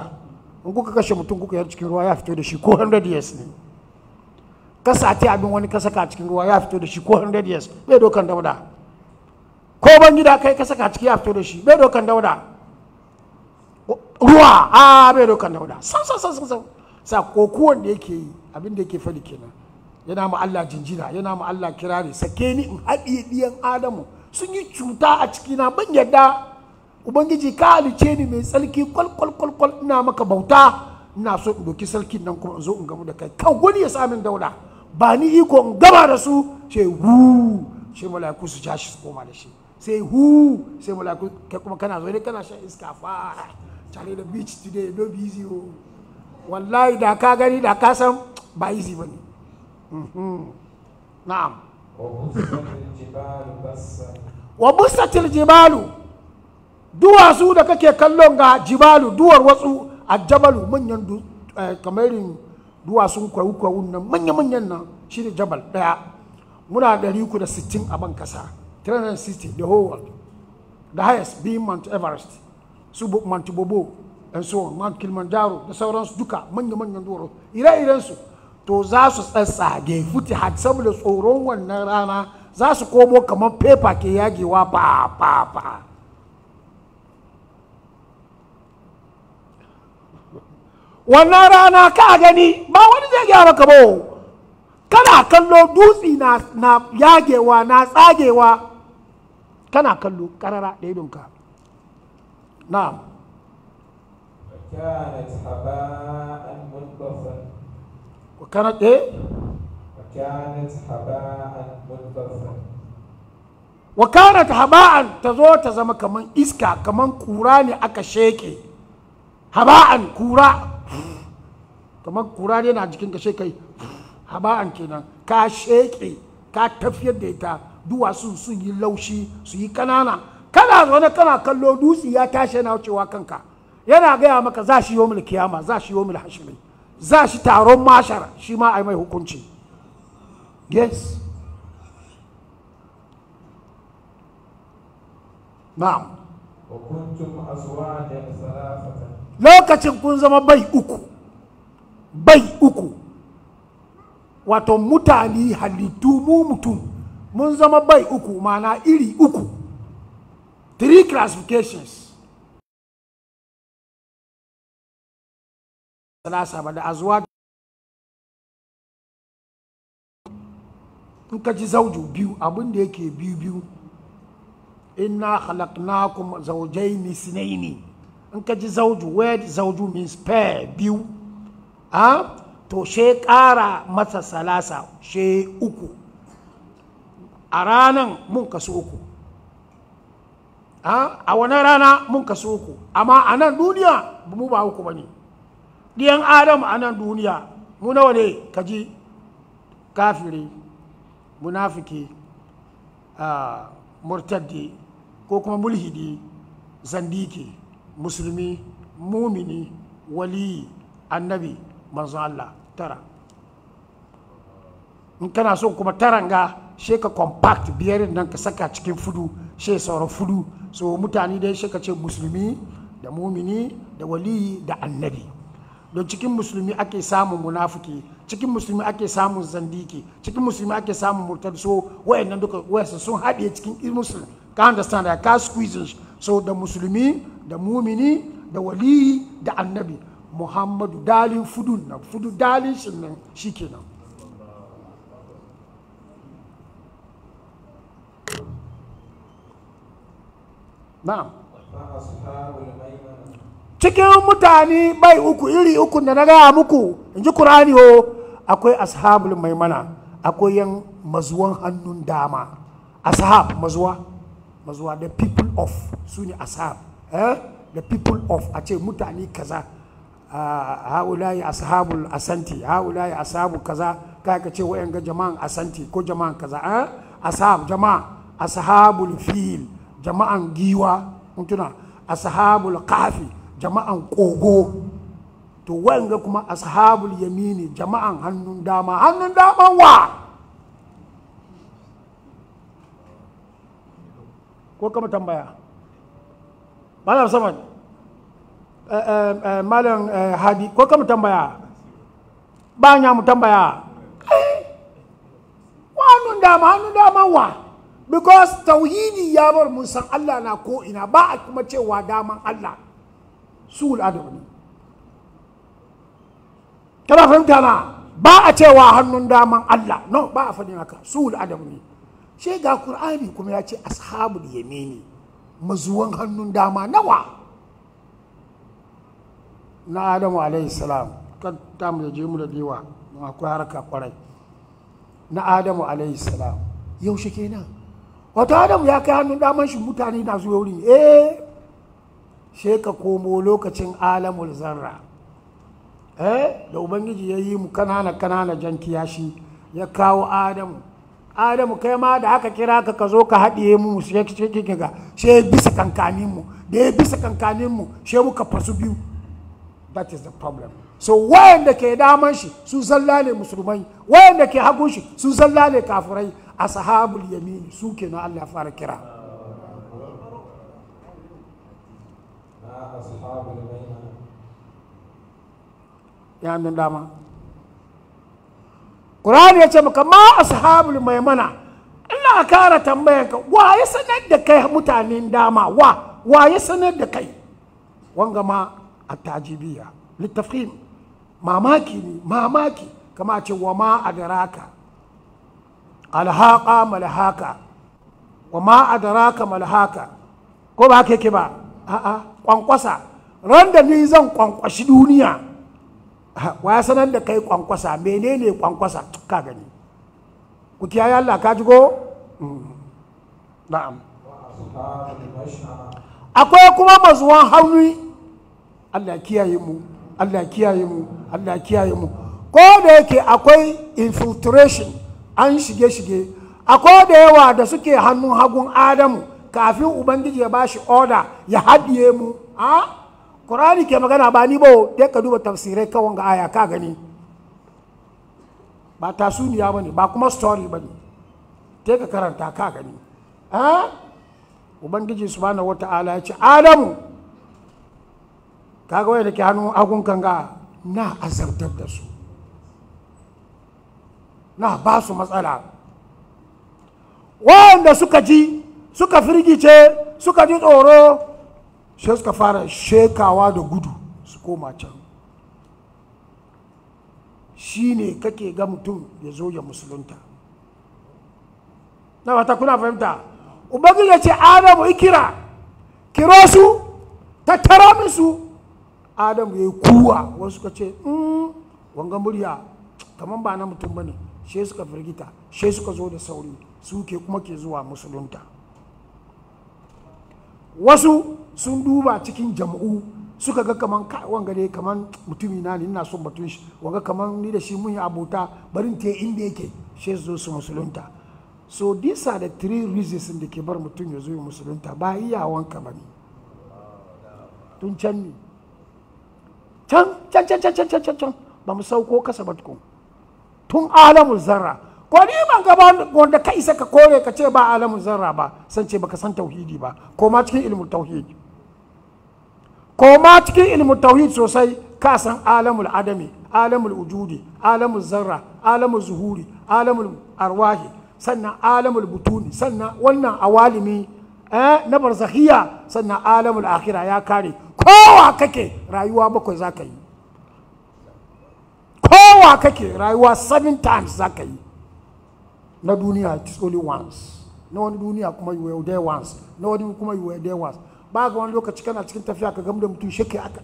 [SPEAKER 3] in kuka kashe mutum kuka yar cikin ruwa ya fito da shi ko 100 years ne ka sati abin wani ka saka cikin ruwa ya fito da shi ko 100 years bai dokan dauda ko ban gida kai ka saka ciki ya fito da shi bai dokan dauda ruwa a bai dokan dauda san san san san sa kuwan da yake yi abin da yake fadi kenan yana ma Allah jinjina yana ma Allah kirari sake ni in haɗiye ɗiyan Adamu sun yi cuta a cikina ban yadda ubangiji ka halice ni mai tsarki kwal ina maka bauta ina so in doki sarkin nan kuma in zo in gamu da kai kan wani ya min dauda ba ni iko in gaba da su ce
[SPEAKER 2] hu
[SPEAKER 3] sai mala'iku su ja shi su koma da shi sai hu sai mala'iku kai kuma kana zo ne kana shan iska fa tare da beach today no be easy o oh. wallahi da ka gani da ka san ba easy bane mhm. na'am wa busatil jibalu duwatsu da kake kallon ga jibalu duwar watsu a jabalu manyan eh, kamarin duwatsun kwaukwaun nan manya-manyan nan shi ne jabal daya muna 360 a ban kasa 360 the whole world the highest being mount everest su mount bobo and so on mount kilimanjaro da sauransu duka manya-manyan duwar ire-irensu to za su tsatsage futi had saboda tsoron wannan rana za su komo kamar pepa ke yagewa ba ba ba wannan rana ka gani ba wani zai gyara ka ba kana kallo dutsi na, yagewa na tsagewa kana kallo karara da idonka na'am
[SPEAKER 1] kanat haba'an eh? haba'an
[SPEAKER 2] wa
[SPEAKER 3] kanat haba'an ta zo ta zama kaman iska kaman kura ne aka sheke haba'an kura kamar kura yana jikin ka sai kai haba'an kenan ka sheke ka tafiyar da ita duwatsu sun yi laushi su yi kanana kana zaune kana kallo dutse ya tashi yana wucewa kanka yana gaya maka za shi yomul kiyama za shi yomul hashimi za shi taron mashar shi ma ai mai hukunci yes na'am وكنتم أزواجا ثلاثة lokacin kun zama bai uku bai uku wato mutane halittu mu mutum mun zama bai uku mana iri
[SPEAKER 2] uku three classifications salasa ba da azuwa in ka ji zauju biyu abin da yake biyu biyu
[SPEAKER 3] inna khalaqnakum zawjaini sinaini in ka ji zauju word zauju means pair biyu ha to she kara masa salasa she uku a ranan mun kaso uku a wani rana mun kaso uku amma a nan duniya mu ba uku ba ne ɗiyan adam a nan duniya mu nawa ne ka ji kafiri munafiki ah, murtaddi ko kuma mulhidi zandiki musulmi mumini waliyi annabi manzo Allah tara in kana so kuma taranga she ka compact biyar nan ka saka cikin fudu she sauran fudu so mutane dai she ka ce musulmi da mumini da waliyi da annabi don cikin musulmi ake samun munafuki cikin musulmi ake samun zandiki cikin musulmi ake samun murtad so wayannan duka wayansu sun haɗe cikin musulmi ka understand ka squeeze sau da musulmi da mumini da waliyi da annabi muhammadu dalin fudun na fudu dalin shi ne shi kenan na'am cikin mutane bai uku iri uku da na gaya muku in ji kurani ho akwai ashabul maimana akwai yan mazuwan hannun dama ashab mazuwa mazuwa the people of su ne ashab eh the people of a ce mutane kaza ah, haulayi ashabul asanti haulayi ashabu kaza kai ka ce wayan ga jama'an asanti ko jama'an kaza eh ashab jama'a ashabul fil jama'an giwa mutuna ashabul qafi jama'an kogo to wayan ga kuma ashabul yamini jama'an hannun dama hannun dama wa ko kama tambaya eh, eh, eh, malam saman malam hadi ko kama tambaya ba nya mu tambaya wa hannun dama hannun dama wa because tauhidi ya bar mun san Allah na ko ina ba a kuma cewa daman Allah sul adoni kana fahimta na ba a cewa hannun daman Allah no ba a fadin haka sul adoni she ga kur'ani kuma ya ce ashabul yamini mazuwan hannun dama nawa na Adamu alaihi salam ta mu je mu da dewa don akwai harka kwarai na Adamu alaihi salam yaushe kenan wata Adamu ya kai hannun daman shi mutane na zuwa wuri eh she ka komo lokacin alamul zarra eh da ubangiji ya yi mu kanana kanana jan kiyashi ya kawo Adamu adamu kai ma da aka kira ka ka zo ka haɗiye mu shi ga she bisa kankanin mu da ya bisa kankanin mu she muka fasu biyu that is the problem so wayanda ke daman shi su zalla ne musulmai wayanda ke hagun shi su zalla ne kafirai ashabul yamin su na Allah fara kira ya dama Qur'ani ya ce maka ma ashabul maimana ina kara tambayar ka wa ya sanar da kai mutanen dama wa wa ya sanar da kai wanga ma tajibiya littafin mamaki ne mamaki kama ce wa ma adaraka alhaqa malhaka wa ma ka malhaka ko ba ke ke ba a'a kwankwasa ran da ni zan kwankwashi duniya wa sanar da kai kwankwasa menene kwankwasa ka gani ku kiyaye Allah ka ji go mm. na'am akwai kuma mazuwan hauni Allah kiyaye mu Allah kiyaye mu Allah kiyaye mu ko da yake akwai infiltration an shige-shige akwai da yawa da suke hannun hagun adamu kafin ubangiji ya bashi order ya haɗiye mu a ah? qur'ani ke magana ba ni ba dai ka duba tafsirai kawai ga aya ka gani ba tasuniya ba ne ba kuma story ba ne dai ka karanta ka gani ha ubangiji subhanahu wata'ala ya ce adamu kaga waya da ke hannun agunkan ga na azabtar da su na ba su matsala wanda suka ji suka firgice suka ji tsoro sai suka fara shekawa da gudu su koma can shi ne kake ga mutum ya zo ya musulunta na wata kuna fahimta ubangi ya ce adamu ikira kiro su tattara musu adamu ya yi kuwa wasu ka ce mm, wanga murya kamar ba na mutum ba ne she suka firgita she suka zo da sauri suke kuma ke zuwa musulunta wasu sun duba cikin jam'u suka ga kaman wanga dai kaman mutumi na ne ina son batun shi wanga kaman ni da shi mun yi abota barin ta inda yake shi zo su musulunta so these are the three reasons da ke bar mutum ya zo musulunta ba iyawan ka bane tun can ne can can can can can can can ba mu sauko kasa ba tukun tun alamun zarra ko ni ban gaba wanda ka isa ka kore ka ce ba alamun zarra ba san ce baka san tauhidi ba ko ma cikin ilimin tauhidi koma cikin ilmu tauhid sosai ka san alamul adami alamul ujudi alamul zarra alamul zuhuri alamul arwahi sannan alamul butuni sannan wannan awalimi eh, na barzahiya sannan alamul akhira ya kare kowa kake rayuwa bakwai za ka yi kowa kake rayuwa seven times za ka yi na duniya it's only once na wani duniya kuma you were there once na wani kuma you were there once ba ga wani lokaci kana cikin tafiya ka gamu da mutum shakki aka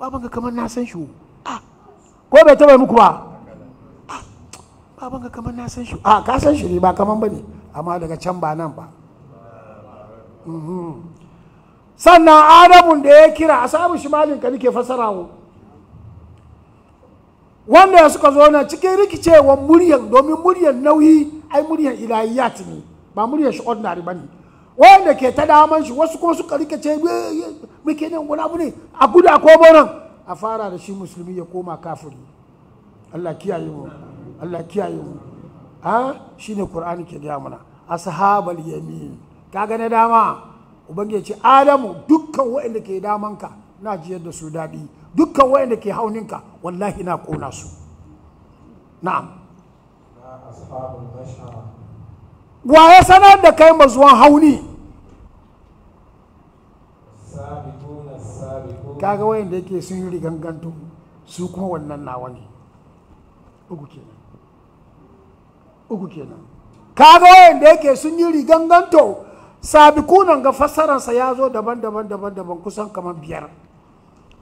[SPEAKER 3] babu ga kamar na san shi ah, ko bai taba muku ba ga ah, kamar na san shi a ah, ka san shi ne ba kamar bane amma daga can ba nan ba mhm. sannan adamun da ya kira a samun malin ka nake fasara mu wanda ya suka zo na cikin rikicewar muryan domin muryan nauyi ai muryan ilahiyat ne ba muryan shi ordinary bane wanda ke ta daman shi wasu kuma suka rike ce muke nan wani abu ne a guda ko bana a fara da shi musulmi ya koma kafiri Allah kiyaye mu Allah kiyaye mu ha shine Qur'ani ke gaya mana ashabal yamin kaga na dama ubangiji ce Adamu dukkan waɗanda ke damanka na jiyar da su daɗi dukkan waɗanda ke hauninka wallahi na kona su na'am
[SPEAKER 4] ashabul bashara
[SPEAKER 3] wa ya sanar da kai mazuwan hauni kaga wayan da yake sun yi riganganto su kuma wannan nawa ne uku kenan uku kenan kaga wayan da yake sun yi riganganto sabikunan ga fassararsa ya zo daban-daban daban-daban kusan kamar biyar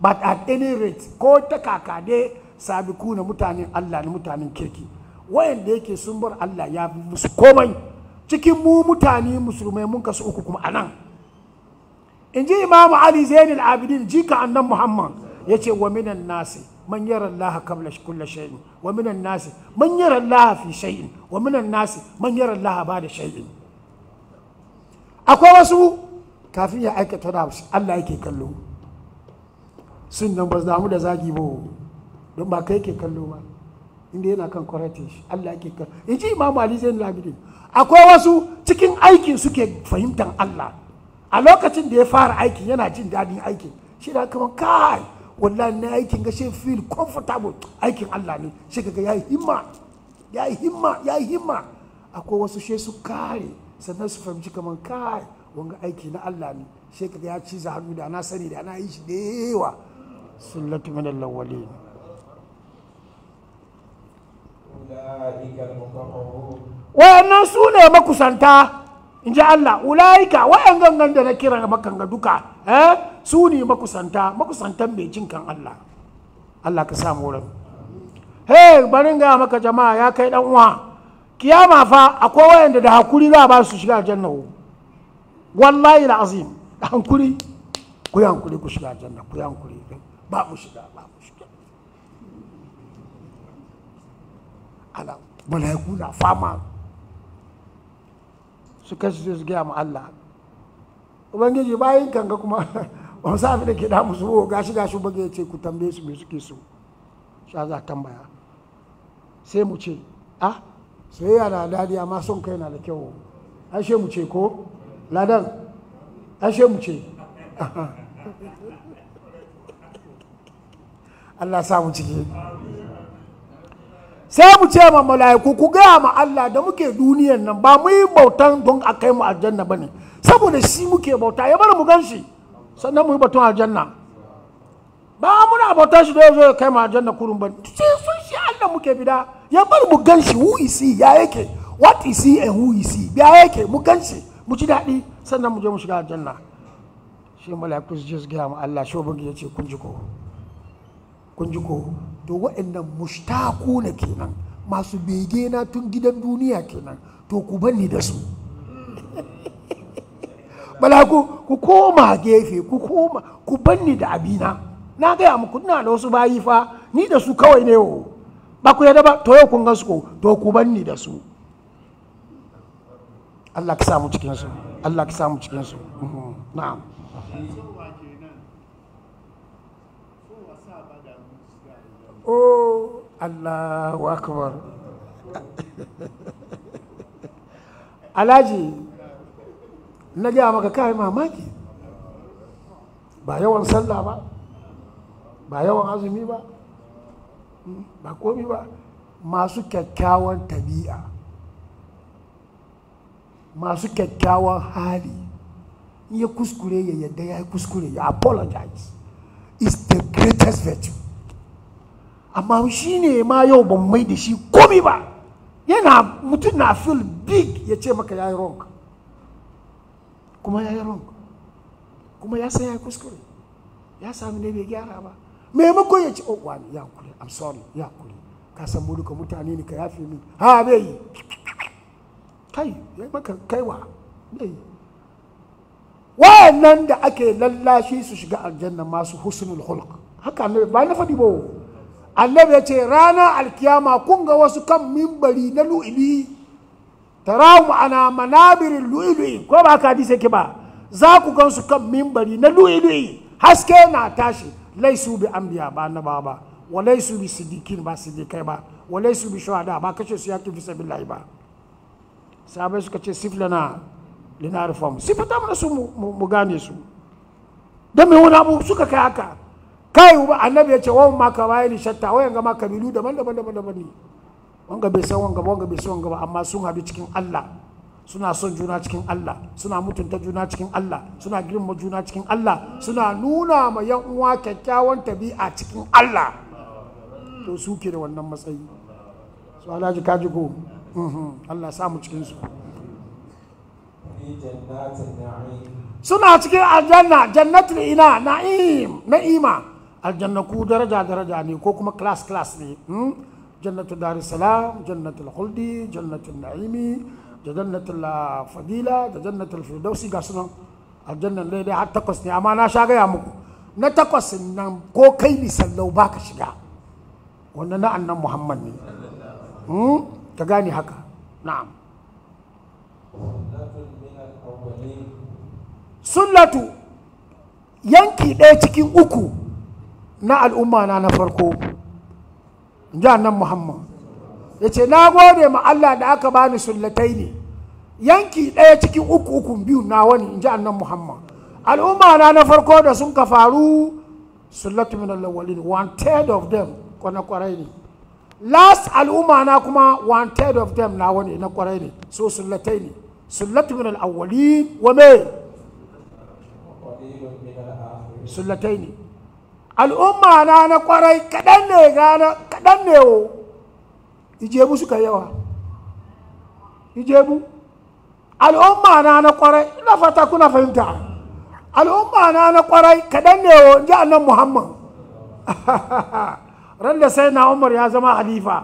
[SPEAKER 3] but at any rate ko ta kaka dai sabikuna mutanen allah ne mutanen kirki wayan da yake sun bar allah ya musu komai cikin mu mutane musulmai mun kasu uku kuma anan in ji imamu ali zainul abidin jika annan muhammad ya ce wa minan nasi man yara Allah kabla kulla shay'in wa minan nasi man yara Allah fi shay'in wa minan nasi man yara Allah ba da shay'in akwai wasu kafin ya aikata da Allah yake kallo sun nan ba su damu da zagi ba don ba kai ke kallo ba inda yana kan kwarate shi Allah yake kallo in ji imamu ali zainul abidin akwai wasu cikin aikin suke fahimtar Allah a lokacin da ya fara aikin yana jin daɗin aikin shi da kamar kai wallahi na aikin ga shi feel comfortable aikin Allah ne shi ga yayi himma yayi himma yayi himma akwai wasu shi su kare sannan su fahimci kamar kai wanga aiki na Allah ne shi ga ya ci hannu da na sani da na yi shi da yawa sunnatu min al wayannan su ne makusanta in ji Allah ulaika wayan gangan da na kira makan ga duka eh su ne makusanta makusantan mai jin kan Allah Allah ka samu wurin hey barin ga maka jama'a ya kai dan uwa kiyama fa akwai wayanda da hakuri za ba su shiga janna wallahi la azim da hankuri ku yi hankuri ku shiga janna ku yi hankuri ba mu shiga Ala mala'iku na fama su kashi sai su gaya ma Allah ubangiji bayan kanga kuma ba sa abin da ke damu su gashi gashi ba ga ce ku tambaye su me suke so sha za tambaya sai mu ce ah soyayya na dadi amma son kai na da kyau ashe mu ce ko ladan ashe mu ce Allah samu ciki sai mu ce ma mala'iku ku gaya ma Allah da muke duniyan nan ba mu yi bautan don a kai mu aljanna bane saboda shi muke bauta ya bar mu gan shi sannan mu yi batun aljanna ba muna bauta shi da zo ya kai mu aljanna kurun ba sun shi Allah muke bida ya bar mu gan shi who is he ya yake what is he and who is he ya yake mu gan shi mu ji daɗi sannan mu je mu shiga aljanna shi mala'iku su je su gaya ma Allah shi ubangiji ya ce kun ji ko kun ji ko to waɗannan mushtaku na kenan masu bege na tun gidan duniya kenan to ku banni da su bala ku koma gefe ku koma ku banni da abina na gaya muku na da wasu bayi fa ni da su kawai ne wo ba ku yadda ba to yau kun ko to ku banni da su Allah ka samu cikin su Allah ka samu cikin su mhm, na'am oh allahu akbar alhaji na gaya maka kai mamaki ba yawan sallah ba ba yawan azumi ba hmm, ba komi ba masu kyakkyawan tabi'a masu kyakkyawan hali in ya kuskure ya yadda ya yi kuskure ya apologize is the greatest virtue amma shi ne ma yau ban mai da shi komi ba yana mutum na feel big ya ce maka ya yi wrong kuma ya yi wrong kuma ya san ya yi kuskure ya sami ne bai gyara ba maimakon ya ce oh wani ya kuri i'm sorry ya kuri ka san mu duka mutane ne ka yafe min ha bai yi kai ya maka kaiwa bai yi nan da ake lallashi su shiga aljanna masu husnul hulk haka ne ba na fadi ba annabi ya ce ranar alkiyama kun ga wasu kan mimbari na lu'ili tarahu ana manabirin lu'ili ko ba ka hadisi yake ba za ku gan su kan mimbari na lu'ili haske na tashi laisu bi anbiya ba annaba ba wa laisu bi sidikin ba sidikai ba wa laisu bi shuhada ba kace su yaki fi sabilillahi ba sahabai suka ce siflana lina reform sifata mana su mu gane su don me wani abu suka kai haka kai uba annabi ya ce wa ma ka bayani shatta wayan yanga ma kabilu daban daban daban daban ne wanga bai san wanga wanga bai san wanga ba amma sun hadu cikin Allah suna son juna cikin Allah suna mutunta juna cikin Allah suna girma juna cikin Allah suna nuna ma yan uwa kyakkyawan tabi'a cikin Allah to su ke da wannan matsayi su alhaji kaji ko mhm, Allah samu cikin su suna cikin aljanna jannatul ina na'im na'ima ku daraja daraja ne ko kuma class class ne hmm? jannatu darussalam jannatul huldi jannatul na'imi da jannatul ah, fadila da jannatul firdausi ga sunan aljannan dai dai har takwas ne amma na sha gaya muku na takwas nan ko kai ni sallau baka shiga wannan na annan muhammad ne hmm? ka gane haka na'am sunnatu yanki ɗaya cikin uku na al'umma na na farko ji nan muhammad ya ce na gode ma Allah da aka bani sullatai ne yanki ɗaya cikin uku uku biyu na wani in ji nan muhammad al'umma na na farko da sun ka faru sullatu min alawali ne, one third of them kwana kwarai ne last al'umma na kuma one third of them na wani na kwarai ne so sullatai ne sullatu min alawali awwalin wa me sullatai ne al'umma na na kwarai kaɗan ne gana kaɗan ne o ijebu suka yawa ijebu al'umma na na kwarai ina fata kuna fahimta al'umma na na kwarai kaɗan ne o, ji annan muhammad ran da sai na umar ya zama halifa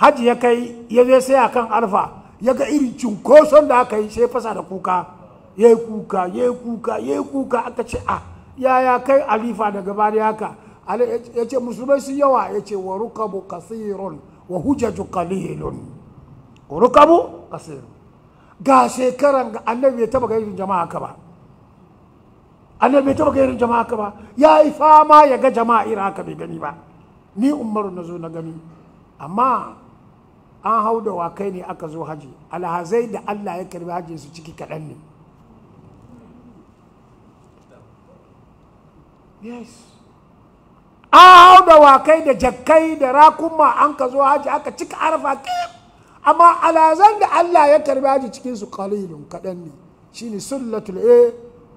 [SPEAKER 3] haji ya kai ya zai sai akan alfa ya ga irin cinkoson da aka yi sai fasa da kuka ya yi kuka ya yi kuka ya yi kuka aka ce a ah, Ya ya kai alifa daga bari haka ya ce musulmai sun yawa ya ce wa rukabu kasirun wa hujjaju kalilun rukabu kasirun ga shekaran ga annabi ya taba gairin jama'a ka ba annabi ya taba gairin jama'a ka ba ya yi fama ya ga jama'a ira haka bai gani ba ni umaru na zo na gani amma an hau da wa kai ne aka zo haji alhazai da allah ya karbi hajji su ciki kaɗan ne yes an da wakai da jakkai da rakuma an ka zo haji aka cika arafa kim amma alazan da Allah ya karbi haji cikin su qalilun kadan ne shine sullatul e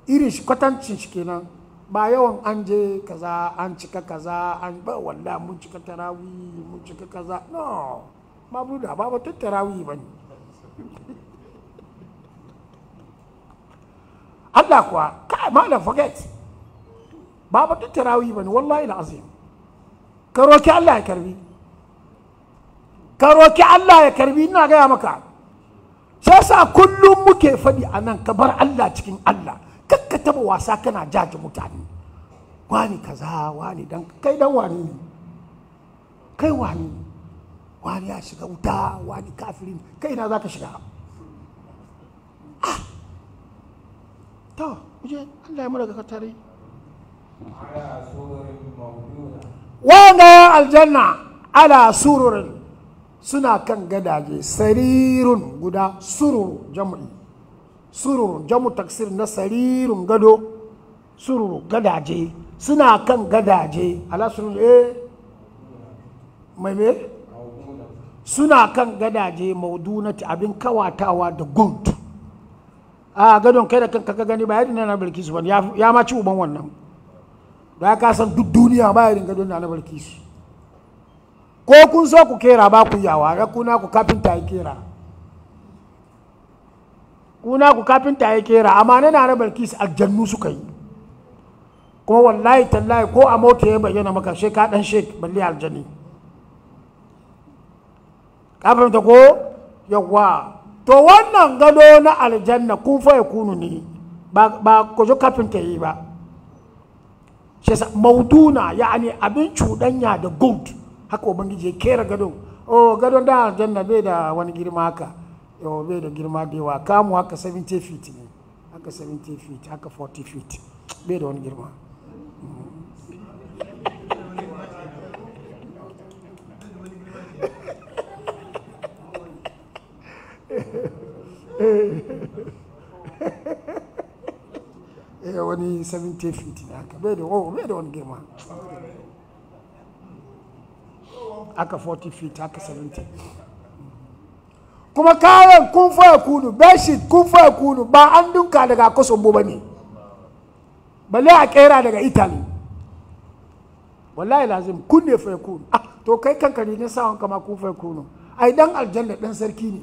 [SPEAKER 3] irin shi kwatancin shi kenan ba yawan an je kaza an cika kaza an ba wallahi mun cika tarawih mun cika kaza no ma da ba ba tarawih bane Allah kuwa kai ma da forget ba batun tarawih ba ne wallahi azim ka roki Allah ya karbi ka roki Allah ya karbi ina gaya maka sai sa kullum muke faɗi a nan ka bar Allah cikin Allah kakka taɓa wasa kana jaji mutane wani kaza wani dan kai dan wani ne kai wani wani ya shiga wuta wani kafirin kai na za ka shiga ah! to Allah ya mu daga katare wanga aljanna ala sururin suna kan gadaje sarirun guda sururu jam'i sururu jamu taksir na sarirun gado sururu gadaje suna kan gadaje ala sururu eh maime suna kan gadaje maudunati abin kawatawa da gold a ah, gadon kai da kanka ka gani ba yadda na bilkisu ba ya ma ci uban wannan da ka san duk duniya ba irin gado na barki su ko kun so ku kera ba ku yawa ga kuna ku kafinta ya kera kuna ku kafinta ya kera amma na na barki su aljannu suka yi kuma wallahi tallahi ko a mota ya bayyana maka shi ka dan shek balle aljani kafin ta ko yawa to wannan gado na aljanna kun fa ya kunu ne ba ko kafinta yi ba shi yasa mauduna yani abin cuɗanya da gold haka ubangiji ya kera gado oh gado da janna bai da wani girma haka yau bai da girma da yawa kamu haka 70 feet ne haka 70 feet haka 40 feet bai da wani girma mm. eh wani 17 feet ne haka bai da oh, bai da wani girma aka 40 feet haka 17 kuma kayan kun faya kunu bashit kun faya kunu ba an dunka daga kosovo ba ne balle a kera daga italy wallahi lazim kun ne faya kunu ah to kai kankari ne sawan kama kun faya kunu ai dan aljanna dan sarki ne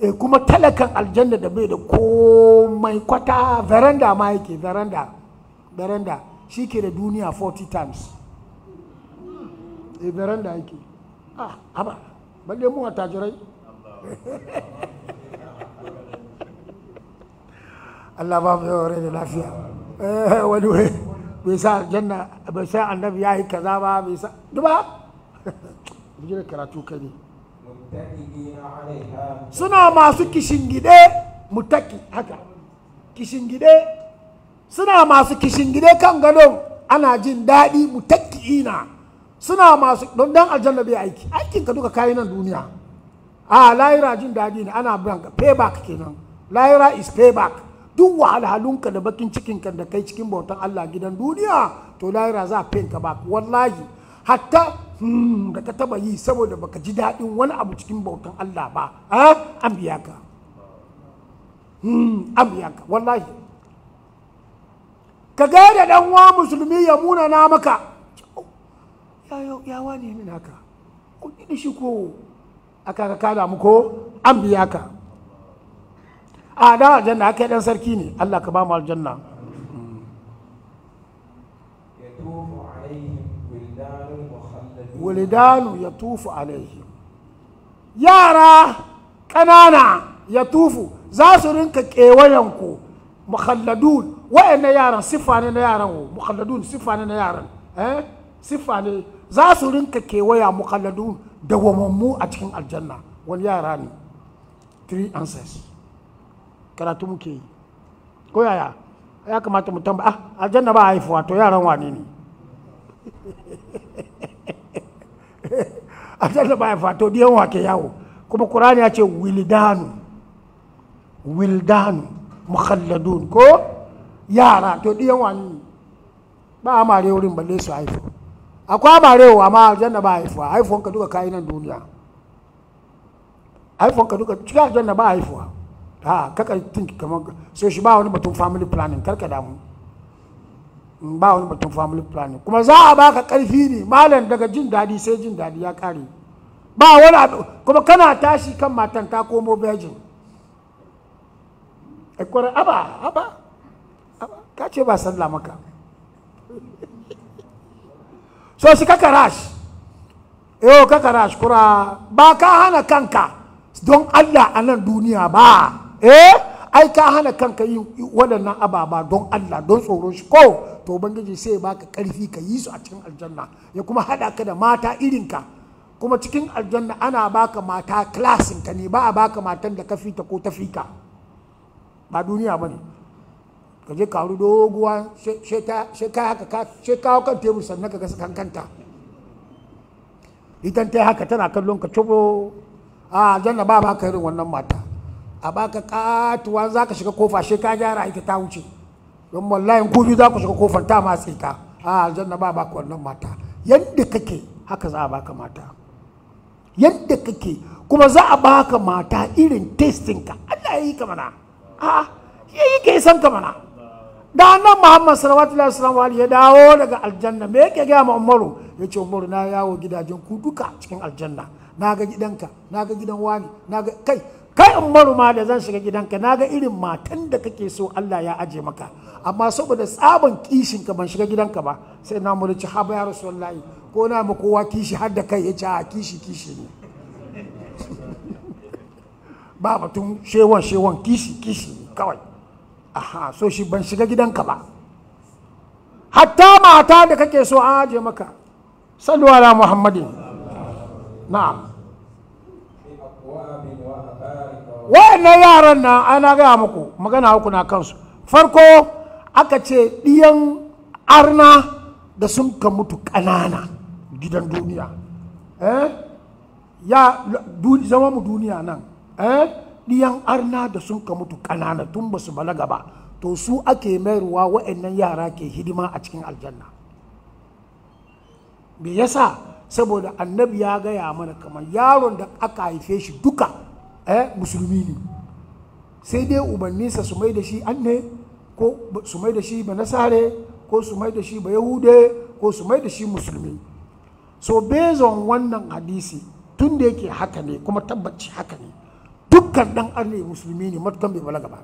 [SPEAKER 3] Eh, kuma talakan aljanna da bai da komai kwata veranda ma yake veranda veranda shi ke da duniya 40 times e veranda yake ah haba balle mu a tajirai Allah ba mu yawon da lafiya eh, wani wai bai sa aljanna bai sa annabi ya yi kaza ba bai sa duba bi karatu kai ne suna masu kishingide mutaki haka kishingide suna masu kishingide kan gadon ana jin daɗi mutaki'ina suna masu don dan aljanna bai aiki aikin ka duka kayi nan duniya a layira jin daɗi ne ana bayan ka payback kenan layira is payback duk wahalhalunka da bakin cikinka da kai cikin bautan Allah gidan duniya to layira za a ka ba wallahi hatta Hmm, da ka taba yi saboda baka ji daɗin wani abu cikin bautan Allah ba an biya ka hmm, an biya ka wallahi ka ga da ɗan musulmi ya muna na maka ya wani ne min haka kuɗi da shi ko aka ka kada mu ko an biya ka a da aljanna aka yi ɗan sarki ne Allah ka ba mu aljanna walidanu ya tufu alaihi yara ƙanana ya tufu za su rinka kewayenku mukhalladun wa'annan yaran siffa ne na yaran wo mukhalladun siffa ne na yaran eh siffa ne za su rinka kewaya mukhalladun dawwamammu a cikin aljanna wani yara ne three answers karatu muke yi ko yaya ya kamata mu tamba ah aljanna ba haifuwa to yaran wane ne abdalla baya fato da yawan ke yawo kuma qur'ani ya ce wildanu wildanu mukhalladun ko yara to diyan wani ba amare wurin balle su haifu akwai wa amma aljanna ba haifuwa haifuwan ka duka kayi nan duniya haifuwan ka duka cikin aljanna ba haifuwa ha kaka tun kamar sai shi ba wani batun family planning karka damu ba wani mutum family planning kuma za a baka karfi ne malam daga jin daɗi sai jin daɗi ya kare ba wani abu kuma kana tashi kan matan ta komo virgin akwai aba aba ka ce ba sallah maka so shi kaka rash yau eh, oh, kaka rash kura ba ka hana kanka don allah a nan duniya ba eh ai ka hana kanka yi waɗannan ababa don Allah don tsoro shi ko to ubangiji sai ya baka karfi ka yi su a cikin aljanna ya kuma haɗa ka da mata irinka kuma cikin aljanna ana baka mata klasin ka ne ba a baka matan da ka fita ko ta fika ba duniya bane ka je karu doguwa sai ka haka sai ka kan tebur sannan ka ga kanta idan ta haka tana kallon ka cubo a aljanna ba ba ka irin wannan mata a baka katuwa za ka shiga kofa shi ka gyara aiki ta wuce don wallahi ku biyu za ku shiga kofar ta matse ta a aljanna ba baka wannan mata yadda kake haka za a baka mata yadda kake kuma za a baka mata irin testin ka Allah ya yi ka mana a ya yi ka san ka mana da nan Muhammad sallallahu alaihi wasallam ya dawo daga aljanna me yake ga ma Umaru yace Umaru na yawo gidajen ku duka cikin aljanna na ga gidanka na ga gidan wani na ga kai kai in maruma da zan shiga gidanka na ga irin matan da kake so Allah ya aje maka amma saboda tsaban kishin ka ban shiga gidanka ba sai na ci haba ya rasulullahi ko na mu kowa kishi har da kai ya ci a kishi kishi
[SPEAKER 2] ne
[SPEAKER 3] ba batun shewan shewan kishi kishi ne kawai aha so shi ban shiga gidanka ba hatta mata da kake so an aje maka sallu ala muhammadin na'am wa'annan yaran na ana gaya muku magana uku na kansu farko aka ce ɗiyan arna da sun ka mutu ƙanana gidan duniya eh? ya zama mu duniya nan eh? ɗiyan arna da sun ka mutu ƙanana tun ba su balaga ba to su ake mayarwa wa'annan yara ke hidima a cikin aljanna me yasa saboda annabi ya gaya mana kamar yaron da aka haife shi duka eh musulmi ne sai dai ubanninsa su mai da shi an ne ko su mai da shi ba nasare ko su mai da shi ba yahude ko su mai da shi musulmi so based on wannan hadisi tun da yake haka ne kuma tabbaci haka ne dukkan dan arne musulmi ne matukan bai balaga ba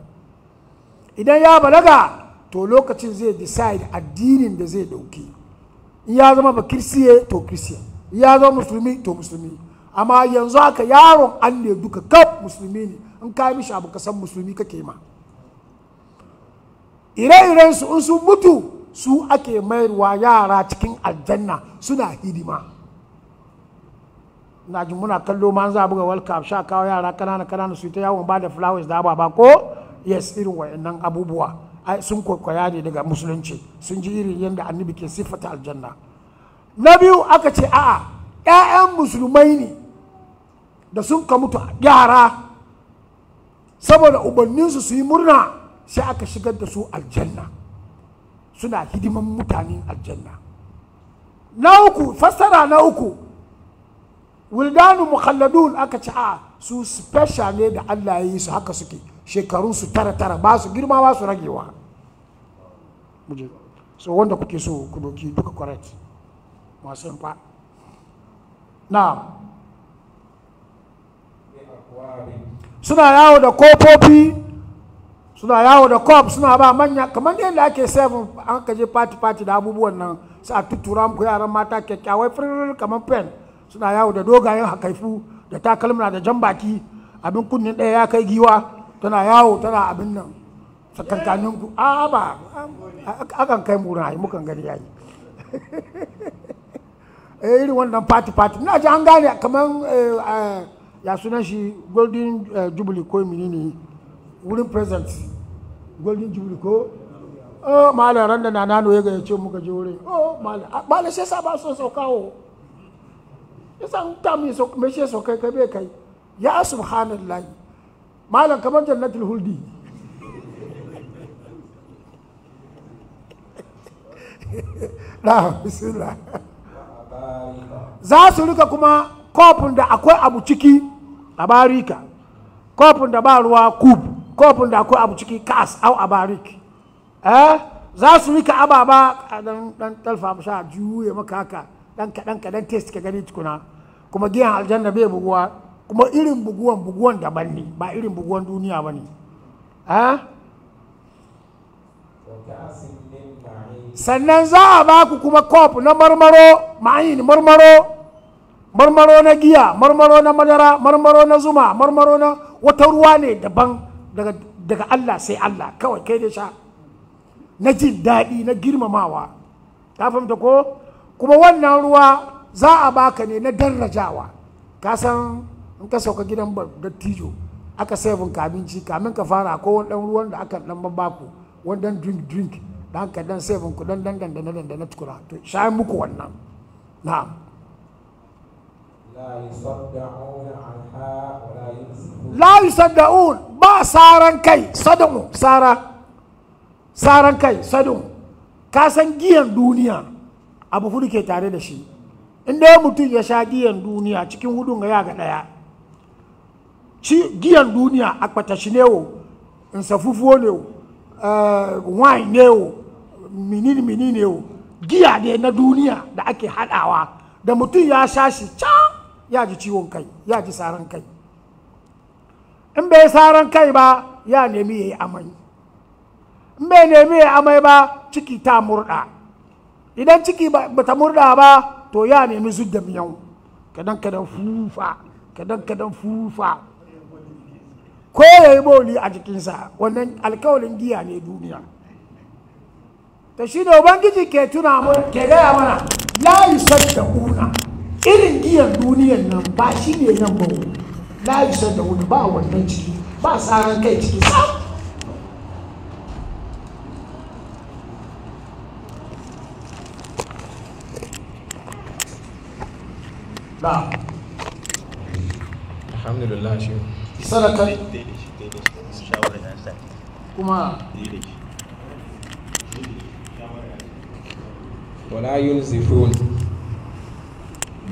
[SPEAKER 3] idan ya balaga to lokacin zai decide addinin da zai dauki ya zama ba kirsiye to kirsiye ya zama musulmi to musulmi amma yanzu haka yaron an ne duka kaf musulmi ne in ka mishi abu ka san musulmi kake ma ire-iren su in sun mutu su ake mayarwa yara cikin aljanna suna hidima na ji muna kallo ma za a buga walka cup sha kawo yara kanana kanana su ta yawon ba da flowers da ba ko yes irin wa'annan abubuwa sun kwakwaya ne daga musulunci sun ji irin yadda annabi ke siffata aljanna na biyu aka ce a'a 'ya'yan musulmai ne da sun ka mutu yara saboda ubanninsu su yi murna sai aka shigar da su aljanna suna hidiman mutanen aljanna na uku fassara na uku wildanu mukhalladun aka ci a ah, su special ne da Allah ya yi su haka suke shekaru su tara tara ba su girma ba su ragewa so wanda kuke so ku duka correct masu fa na suna yawo da kofofi suna yawo da cup suna ba manya kamar yadda ake seven an kaje pati pati da abubuwan nan su a tuttura muku yaran mata kyakkyawai firir kamar pen suna yawo da dogayen hakaifu da takalma da jan baki abin kunnin ɗaya ya kai giwa tana yawo tana abin nan sakankanin ku a ba akan kai mu rayu mukan gani yayi eh irin wannan pati pati na ji an gane kamar eh, eh, ya sunan shi golden eh, jubilee ko ne wurin present golden jubilee ko oh malam ran da nanano ya ce muka je wurin oh malam ah, malam sai sa ba so kawo yasa in ta mai so me sai so kai kai kai ya subhanallahi malam kamar jannatul huldi za su rika kuma kofin da akwai abu ciki a barika kofin da ba ruwa kub kofin da akwai abu ciki kas au a eh za su rika ababa dan dan talfa musa juye maka haka dan ka dan test ka gani tukuna kuma giyan aljanna bai buguwa kuma irin buguwan buguwan daban ne ba irin buguwan duniya bane eh sannan za a ba ku kuma kof na marmaro ma'ayin marmaro marmaro na giya marmaro na madara marmaro na zuma marmaro na wata ruwa ne daban daga Allah sai Allah kawai kai da sha na jin daɗi na girmamawa ta fahimta ko kuma wannan ruwa za a baka ne na darrajawa ka san in ka sauka gidan dattijo aka saifin kabinci kamin ka fara ko wani ruwan da aka dan baku wani dan drink drink dan ka dan saifin ku dan dan dan dan dan tukura to sha muku wannan na'am la yusadda'un ba saran kai sadun sara saran kai sadun ka san giyan duniya abu hudu ke tare da shi in dai mutum ya sha giyan duniya cikin hudun ga ya ga daya giyan duniya akwatashi ne wo nsafufuo ne wo wine ne wo ne wo giya ne na duniya da ake hadawa da mutum ya sha shi can ya ji ciwon kai ya ji saran kai in bai saran kai ba ya nemi ya yi amai in bai nemi ya amai ba ciki ta murɗa idan ciki ba ta murɗa ba to ya nemi da miyau kadan kadan fufa kadan kadan fufa ko ya yi boli a jikinsa wannan alkawalin giya ne duniya ta shi ne ubangiji ke tuna ke gaya mana ya yi sadda irin giyan duniyan nan ba shi ne nan ba wu la isa da wuni ba wannan ciki ba tsaron kai ciki sa na
[SPEAKER 1] alhamdulillah shi sadaka kuma wala yunzifun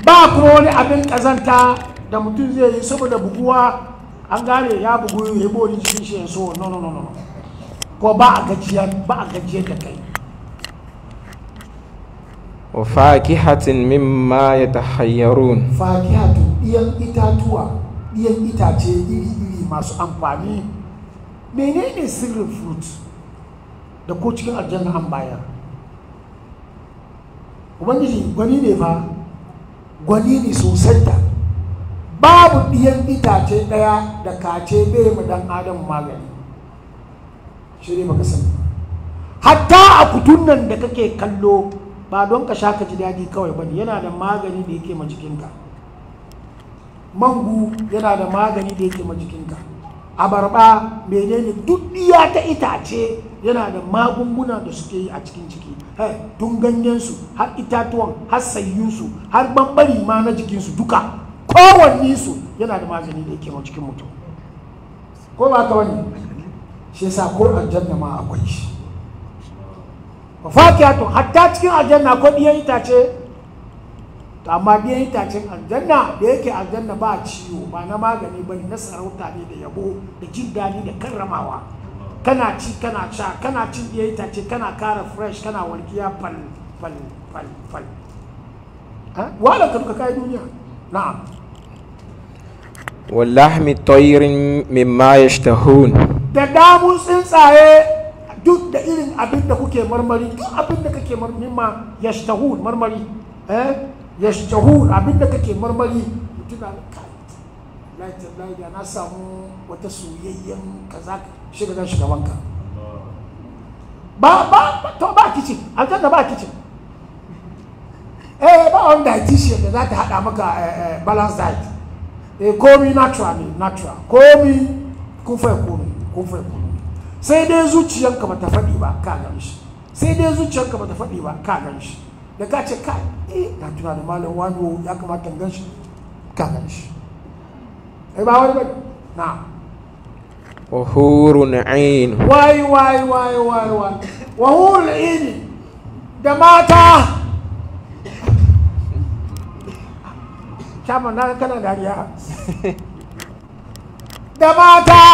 [SPEAKER 3] ba kuma wani abin kazanta da mutum zai yi saboda buguwa an gane ya bugu ya bori jikin shi yanzu no no no no ko ba a gajiya ba a gajiya da kai
[SPEAKER 1] wa fakihatin mimma yatahayyarun
[SPEAKER 3] fakihatu iyan itatuwa iyan itace iri iri masu amfani menene sirrin fruit da ko cikin aljanna an bayar ubangiji gwani ne ba. gwani ne sosai ta babu ɗiyan itace ɗaya da kace bai mu dan adam magani shi ne baka sani hatta a kutun nan da kake kallo ba don ka sha ka ji daɗi kawai ba yana da magani da yake ma jikinka mangu yana da magani da yake ma jikinka abarba menene duk iya ta itace yana da magunguna da suke yi a cikin jiki tun ganyensu har itatuwan har su har bambari ma na jikinsu duka kowanne su yana da magani da yake cikin mutum ko ba ka wani shi yasa ko aljanna ma akwai shi fa fakiyatun hatta cikin aljanna ko iya itace to amma biyan itacen aljanna da yake aljanna ba ciwo ba na magani ba ne na sarauta ne da yabo da jin daɗi da karramawa kana ci kana sha kana cin yi itace kana kara fresh kana warkiya fal fal fal fal wala ka duka kai duniya na'am
[SPEAKER 1] wallahi tayrin mimma yashtahun
[SPEAKER 3] da damun tsuntsaye duk da irin abin da kuke marmari duk abin da kake marmari mimma yashtahun marmari eh abin abinda kake marmari mutum na laifin laifin na samu wata soyayyen kaza shiga zan shiga wanka ba ba to ba kicin da ba kicin eh ba wani dietitian da za ta hada maka eh, eh, balance diet eh komi natural ne natural komi kun fa komi kun fa komi sai dai zuciyanka ba ta faɗi ba ka gan shi sai dai zuciyanka ba ta faɗi ba ka gan shi da ka ce kai eh ka tuna da malam wani ya kamata gan shi ka gan shi eh ba wani ba na
[SPEAKER 1] wa hurun ain
[SPEAKER 3] wai wai wai wai wai wa hurun ain da mata chama na kana dariya da mata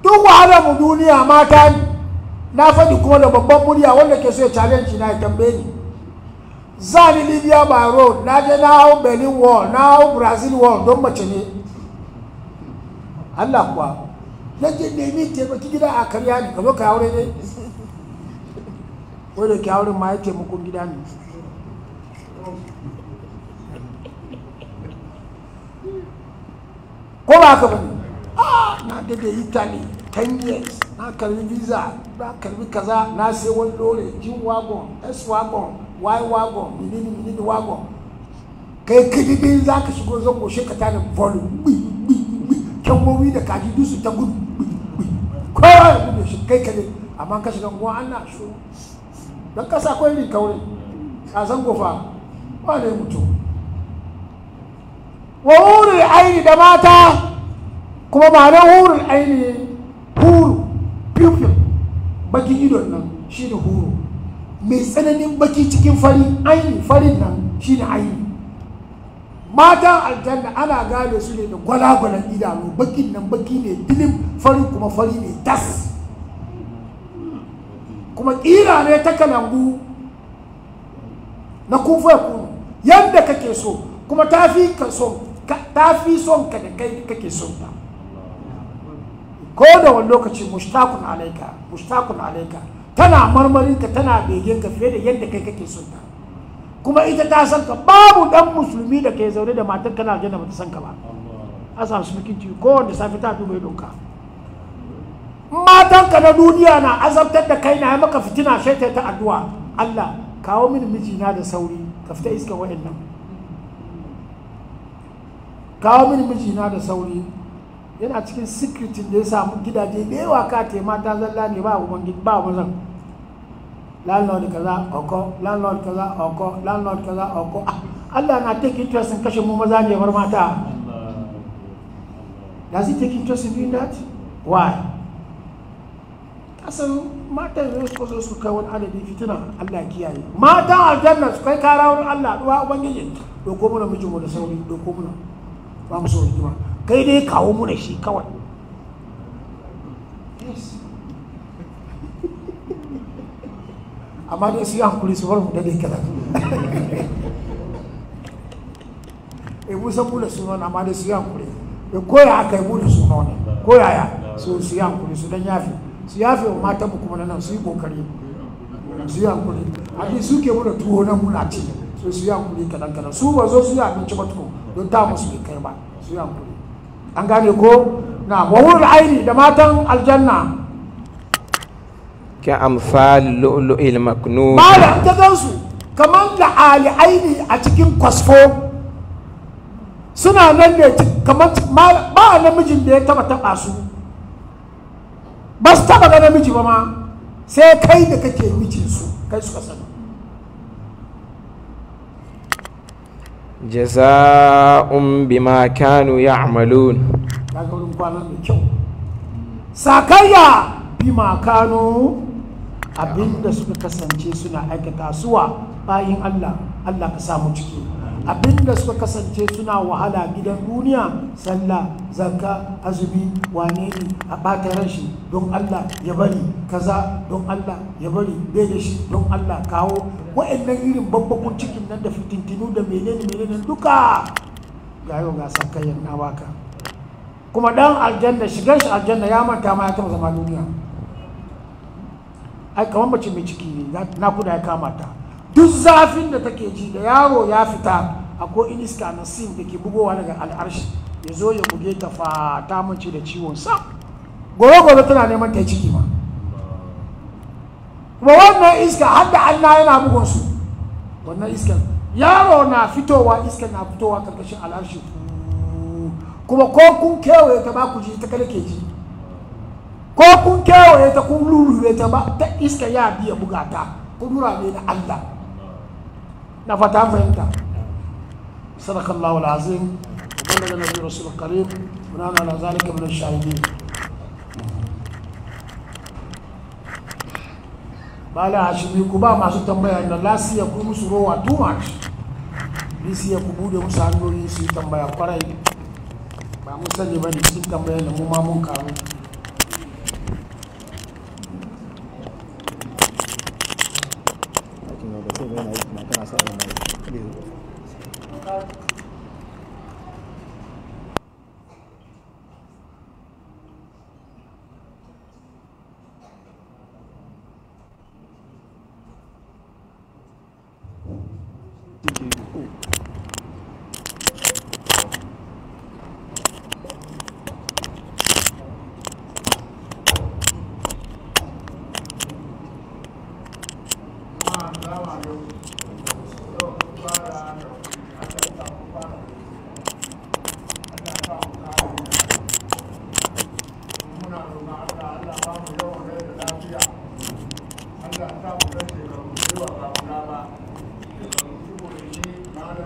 [SPEAKER 3] duk wahalar mu duniya mata na faɗi kuma da babban murya wanda ke so ya challenge na ya tambaye ni zani libya ba road na je na hau berlin wall na hau brazil wall don mace ne allah kuwa na je nemi taimaki gida a karya ne kamo ka aure ne wadda ke aure ma ya taimakon gida ne ko ba ka bane ah na dade italy 10 years na karbi visa na karbi kaza na sai wani dole jin wagon s wagon why ni menene menene wago kai kididin za ka shigo zango goshe ka tada volume kyanwowi da kaji dusu ta gudu kowa ya gudu shi kai kade amma ka shiga kuma an na shi don kasa ko rin kawai a zango fa ba ne mutu wa hurul aini da mata kuma ba na hurul aini huru pupil bakin idon nan shi ne huru mai tsananin baki cikin fari aini farin nan ne aini matan aljanna ana gane su ne da gwalagwalan idanu bakin nan baki ne dilim farin kuma fari ne tas kuma kira ne ta kalangu na kufa ya kunu yadda kake so kuma ta fi son ka da kai kake son ta ko da wani lokaci mushtaqun alaika mushtaqun alaika tana ka tana ka fiye da yadda kai kake son ta kuma ita ta san ka babu dan musulmi da ke zaune da matar kana aljanna ba san ka ba a samu ci ko kowanne safi ta dubai doka ka na duniya na azabtar da kai na ya maka fitina shaita ta addu'a Allah kawo mini mijina da sauri ka fita iska wa'annan kawo mini mijina da sauri yana cikin sikritin da ya samu gidaje da yawa ka te mata zalla ne ba ubangiji ba mazan landlord kaza oko landlord kaza oko landlord kaza oko ah, Allah na take interest in kashe mu maza ne bar mata does he take interest in doing that why kasan matan zai so so su kai wani adadi fitina Allah kiyaye matan aljanna su kai kara wani Allah duwa ubangiji doko muna mu da sauri doko muna ba mu so rigima kai dai kawo muna shi kawai amma dai su yi hankuli su bar eh, da daidai kada e musa kula da suna amma dai su yi hankuli e eh, koya
[SPEAKER 2] aka yi muna da suna koya ya su su yi hankuli su dan yafi
[SPEAKER 3] su yafi wa mata mu kuma nan su yi kokari su yi hankuli abin su ke wuda da tuwo nan muna ce su su yi hankuli kadan kadan su ba zo su yi abinci ba don ta musu bai kai ba su yi hankuli an gane ko na wahurul aini da matan aljanna
[SPEAKER 1] ka amfal lu'lu'il ba da
[SPEAKER 3] ta gansu kamar da ali aini a cikin kwasfo suna nan ne kamar ba namijin da ya taba taba su ba su taba ga namiji ba ma sai kai da kake mijinsu kai suka sani
[SPEAKER 1] jaza'un bima kanu ya'malun
[SPEAKER 3] kaga wurin kwana da kyau sakayya bima kanu abinda suka kasance suna aikata suwa bayin Allah Allah ka samu ciki abinda suka kasance suna wahala gidan duniya sallah zakka azumi wane ne a ɓata ran don Allah ya bari kaza don Allah ya bari bai da shi don Allah kawo wa'annan irin babbakun cikin nan da fitintinu da menene menene duka ga yau ga sakayyan na baka kuma dan aljanna shigar shi aljanna ya manta ma ya taɓa zama duniya ai kamar mace mai ciki ne na kuda ya kamata. duk zafin da take ji da yaro ya fita akwai iniska na sin da ke bugowa daga al'arshi ya zo ya buge ta fa ta mace da ciwon sa gobe-gobe tana neman ta ciki ma kuma wannan iska har da allah yana bugun su wannan iskan yaro na fitowa iskan na fitowa karkashin al'arshi kuma ko kun kewaye ta ba ku ji ta kada ke ji ko kun kewaye ta kun lulluwe ta ba ta iska ya biya bugata kudura ne na allah na fata fahimta sadakallahu alazim wa kana nabi rasul karim wa nana ala zalika min ash bala hashimi ku ba masu tambaya da lasiya ku musu rowa too much lisiya ku bude musu hanyoyi su tambaya kwarai ba mun sani ba ne sun tambaya da mu ma mun karu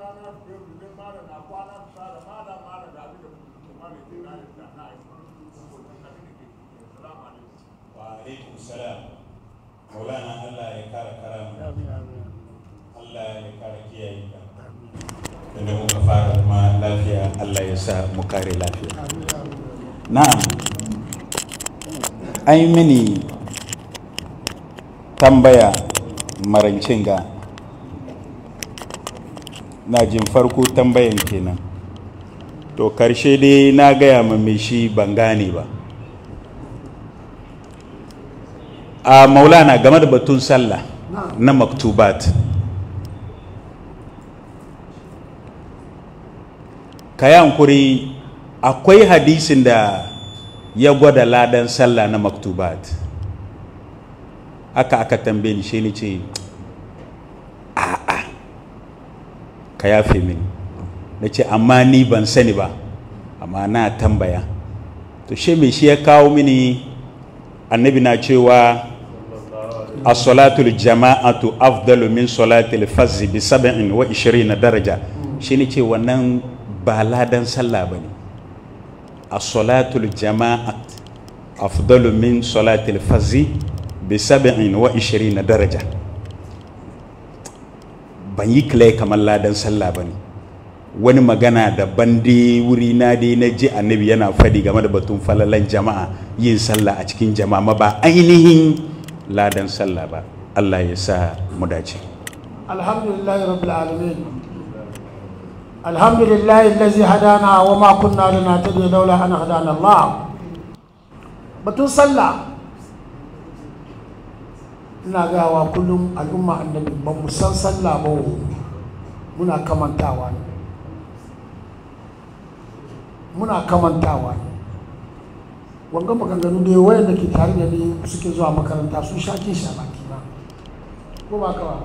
[SPEAKER 3] rana su biyu na kwana
[SPEAKER 1] yi salam maulana allah ya kara kara allah ya kara kiyaye ka muka fara kuma lafiya allah ya sa mu kare lafiya na'am ai mini tambaya marancin ga na jin farko tambayan kenan to karshe dai na gaya ma mai shi ban gane ba a maulana game da batun sallah na maktubat ka yi akwai hadisin da ya gwada ladan sallah na maktubat aka aka tambaye ni shi ne ce ka yafe mini na ce amma ni ban sani ba amma na tambaya to she mai shi ya kawo mini annabi na cewa a salatul jama'atu afdalu min salatul fazi bi 27 wa daraja shi ne ce wannan ba ladan sallah ba ne a salatul jama'at afdalu min salatul fazi bi 27 wa na daraja ban yi clay kamar ladan sallah ba ne wani magana daban dai wuri na dai na ji annabi yana fadi game da batun falalan jama'a yin sallah a cikin jama'a ba ainihin ladan sallah ba Allah ya sa mu dace
[SPEAKER 3] alhamdulillahi rabbil alamin alhamdulillahi allazi hadana wa ma kunna lanahtadiya laula an hadana Allah batun sallah ina gawa kullum al'umma annabi ba mu san sallah ba muna kamantawa ne muna kamantawa ne wanga maganganu da yawa da ke tare da ni suke zuwa makaranta sun shakin shi ba baki ba ko ba ka ba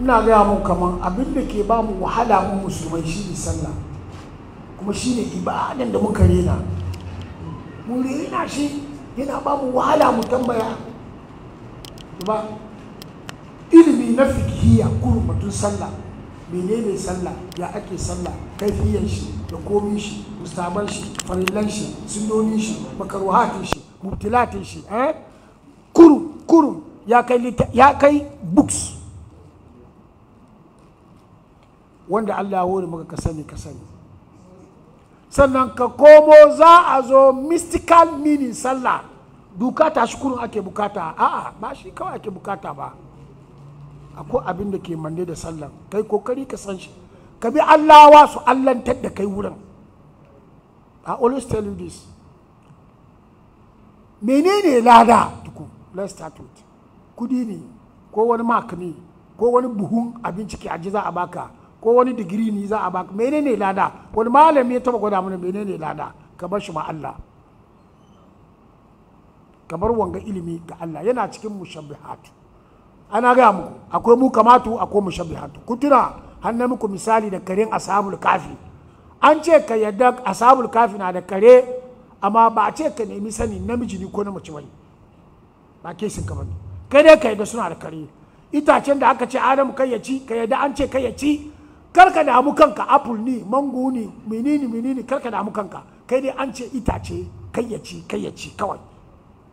[SPEAKER 3] ina gaya mun kaman abin da ke ba mu wahala mu musulmai shi ne sallah kuma shi ne ibadan da muka rena mu rena shi yana ba mu wahala mu tambaya ba ilimi na fikihiyya kurmatun sallah menene sallah ya ake sallah kaifiyan shi da komin shi mustaban shi farillan shi sunnonin shi makaruhatin shi mubtilatin shi eh kuru kuru ya kai ya kai books wanda Allah ya hore maka ka sani ka sani sannan ka komo za a zo mystical meaning sallah dukata shukurin ake bukata a a ba shi kawai ake bukata ba akwai abin da ke manne da sallan kai kokari ka san shi ka bi allawa su allantar da kai wurin i always tell you this menene lada tuku let's start with kudi ne ko wani mark ne ko wani buhun abinci ke aji za a baka ko wani digiri ne za a baka menene lada wani malami ya taba gwada mana menene lada ka bar shi ma Allah kamar wanga ilimi ga Allah yana cikin mushabbihatu ana ga mu akwai mu kamatu akwai mushabbihatu ku tuna hannu muku misali da karin ashabul kafi an ce ka yadda ashabul kafi na da kare amma ba a ce ka nemi sani namiji ne ko na mace bane ba ke sun kamar kai dai ka yadda suna da kare itacen da aka ce adamu kai ya ci ka yadda an ce kai ya ci kar ka damu kanka apple ni mango ni menene menene kar ka damu kanka kai dai an ce itace kai ya ci kai ya ci kawai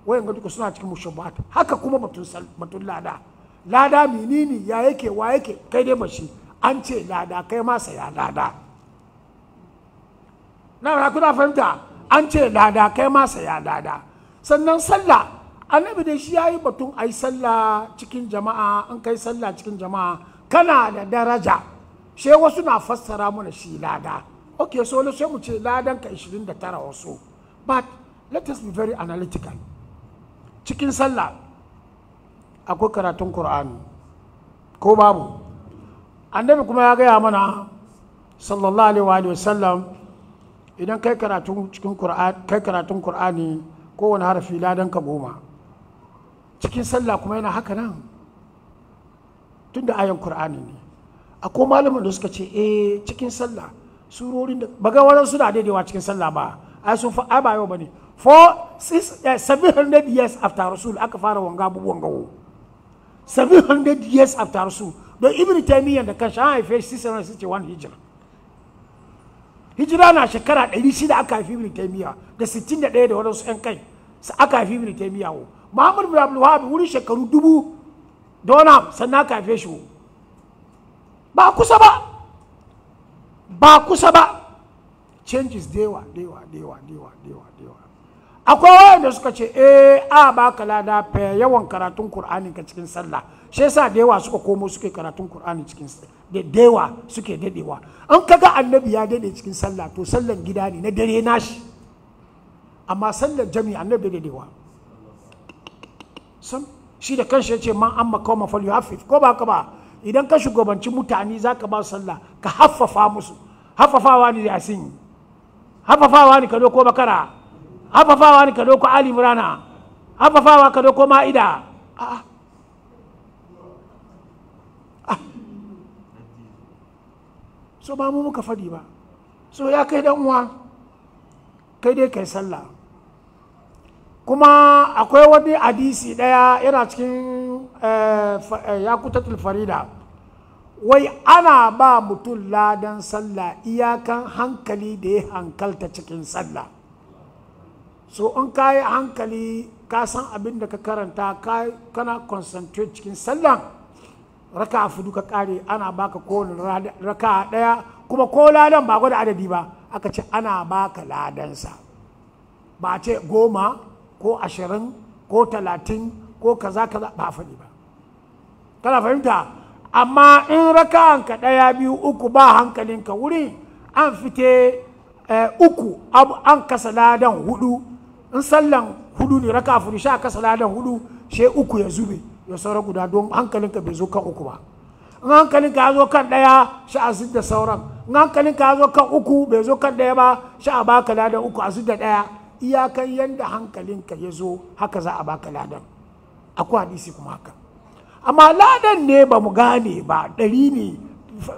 [SPEAKER 3] wayan ga duka suna cikin mushabbat haka kuma batun batun lada lada menene ya yake wa yake kai dai bashi an ce lada kai ma saya lada na ra kuna fahimta an ce lada kai ma saya lada sannan sallah annabi dai shi yayi batun ai sallah cikin jama'a an kai sallah cikin jama'a kana da daraja sai wasu na fassara mana shi lada okay so sai mu ce ladan ka 29 wasu but let us be very analytical cikin sallah akwai karatun ƙur'ani ko babu annabi kuma ya gaya mana sallallahu alaihi wa wasallam idan kai karatun cikin kai karatun ƙur'ani kowane harafi ladan ka goma cikin sallah kuma yana haka nan tun da ayan ƙur'ani ne akwai malamin da suka ce eh cikin sallah surorin da baga suna da daidaiwa cikin sallah ba ai sun fa ba yau bane for six, uh, eh, 700 years after rasul aka fara wanga abubuwan gawo 700 years after rasul don ibn taymiyyah da kanshi an haife shi sanar su ce wani hijira hijira na shekara 600 aka haifi ibn taymiyyah da 61 da wadansu yan kai aka haifi ibn taymiyyah wo muhammad bin abdul wahab wurin shekaru dubu dona sannan aka haife shi ba kusa ba ba kusa ba changes dewa dewa dewa dewa dewa dewa akwai wanda suka ce eh a ka lada fa yawan karatun qur'ani ka cikin sallah shi yasa da yawa suka komo suke karatun qur'ani cikin da dewa suke dadewa an kaga annabi ya dade cikin sallah to sallan gida ne na dare nashi amma sallan jami'a annabi dadewa sam shi da kanshi yace man amma qawma falyuhaffif ko ba ka ba idan ka shugabanci mutane zaka ba sallah ka haffafa musu haffafawa ne da asin haffafawa ne ka ko bakara afafawa ne ka doko ali murana afafawa ka doko ma'ida so ba mu muka faɗi ba so ya kai dan uwa kai dai kai sallah kuma akwai wani hadisi ɗaya yana cikin eh, eh, yakutatul farida wai ana ba mutum ladan sallah iyakan hankali da ya hankalta cikin sallah so in ka yi hankali ka san abin da ka karanta kana concentrate cikin sallan raka a fudu ka kare ana baka kowane raka daya kuma ko ladan ba gwada adadi ba aka ce ana baka ladansa ba a ce goma ko ashirin ko talatin ko kaza kaza ba faɗi ba kana fahimta amma in raka ka ɗaya biyu uku ba hankalinka wuri an fite eh, uku an kasa ladan hudu in sallan hudu ne raka fudu sha kasa ladan hudu she uku ya zube ya saura guda don hankalinka bai zo kan uku ba in hankalinka ya zo kan daya sha a da sauran in hankalinka ya zo kan uku bai zo kan daya ba sha a baka ladan uku a da daya iyakan yanda hankalinka ya zo haka za a baka ladan akwai hadisi kuma haka amma ladan ne ba mu gane ba ɗari ne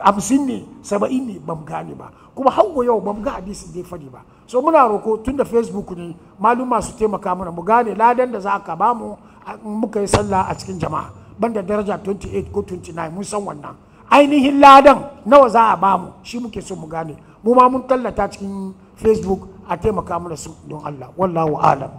[SPEAKER 3] hamsin ne saba'in ne ba mu gane ba kuma hango yau ba mu ga hadisin da fadi ba so muna roko tun da facebook ne maluma su taimaka mana mu gane ladan da za ka ba mu muka yi sallah a cikin jama'a banda daraja 28 ko 29 mun san wannan ainihin ladan nawa za a ba mu shi muke so mu gane mu ma mun tallata cikin facebook a taimaka mana su don allah wallahu alam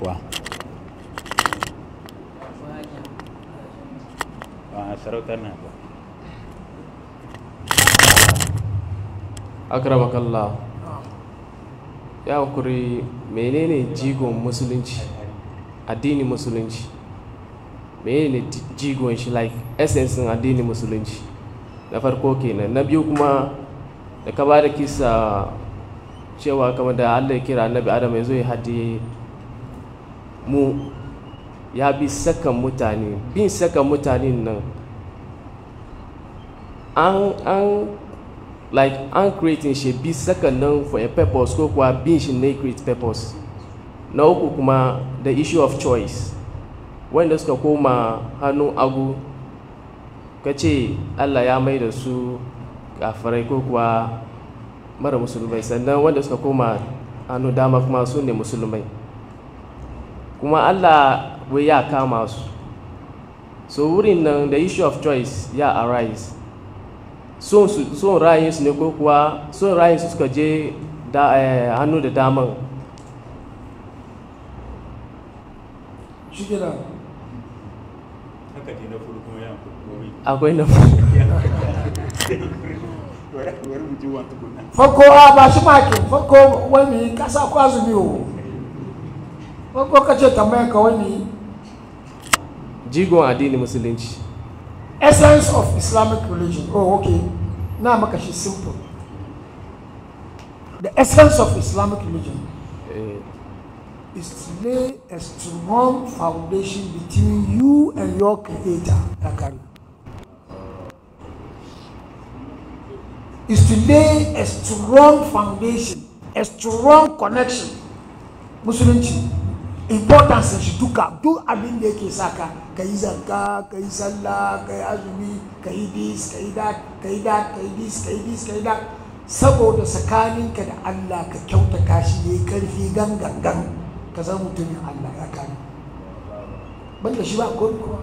[SPEAKER 1] wa ba sarautar na ba
[SPEAKER 4] akramakallah ya kuri menene jigon musulunci addinin musulunci menene jigon shi like essence addinin musulunci na farko kenan na biyu kuma da ka ba da kisa cewa kama da allah ya kira annabi adam ya zo ya hadiye mu ya bi sakan mutane bin sakan mutane nan an an like an creating shi bi sakan nan for a purpose ko kuwa bin shi na create purpose na uku kuma the issue of choice wanda suka koma hannun agu ka ce allah ya mai da su kafirai ko kuwa mara musulmai sannan wanda suka koma hannun dama kuma su ne musulmai kuma Allah wai ya kama su so wurin nan the issue of choice ya arise son su ne ko kuwa son su suka je eh, hannu da daman shigila akwai na farko a ah, ba shi makin
[SPEAKER 3] farko wani kasa kwazu biyu ko ka ce tambaya ka wani
[SPEAKER 4] jigon addinin musulunci
[SPEAKER 3] essence of islamic religion oh okay na maka shi simple the essence of islamic religion eh. is to lay a strong foundation between you and your creator akari is to lay a strong foundation a strong connection musulunci importance shi duka duk abin da yake saka ka yi zanka ka yi sallah ka yi azumi ka yi dis ka yi dat ka yi dat ka yi dis ka yi dis ka yi dat saboda tsakaninka da Allah ka kyauta kashi ne karfi gan gangan ka zama mutumin Allah ya kani banda shi ba ko kuma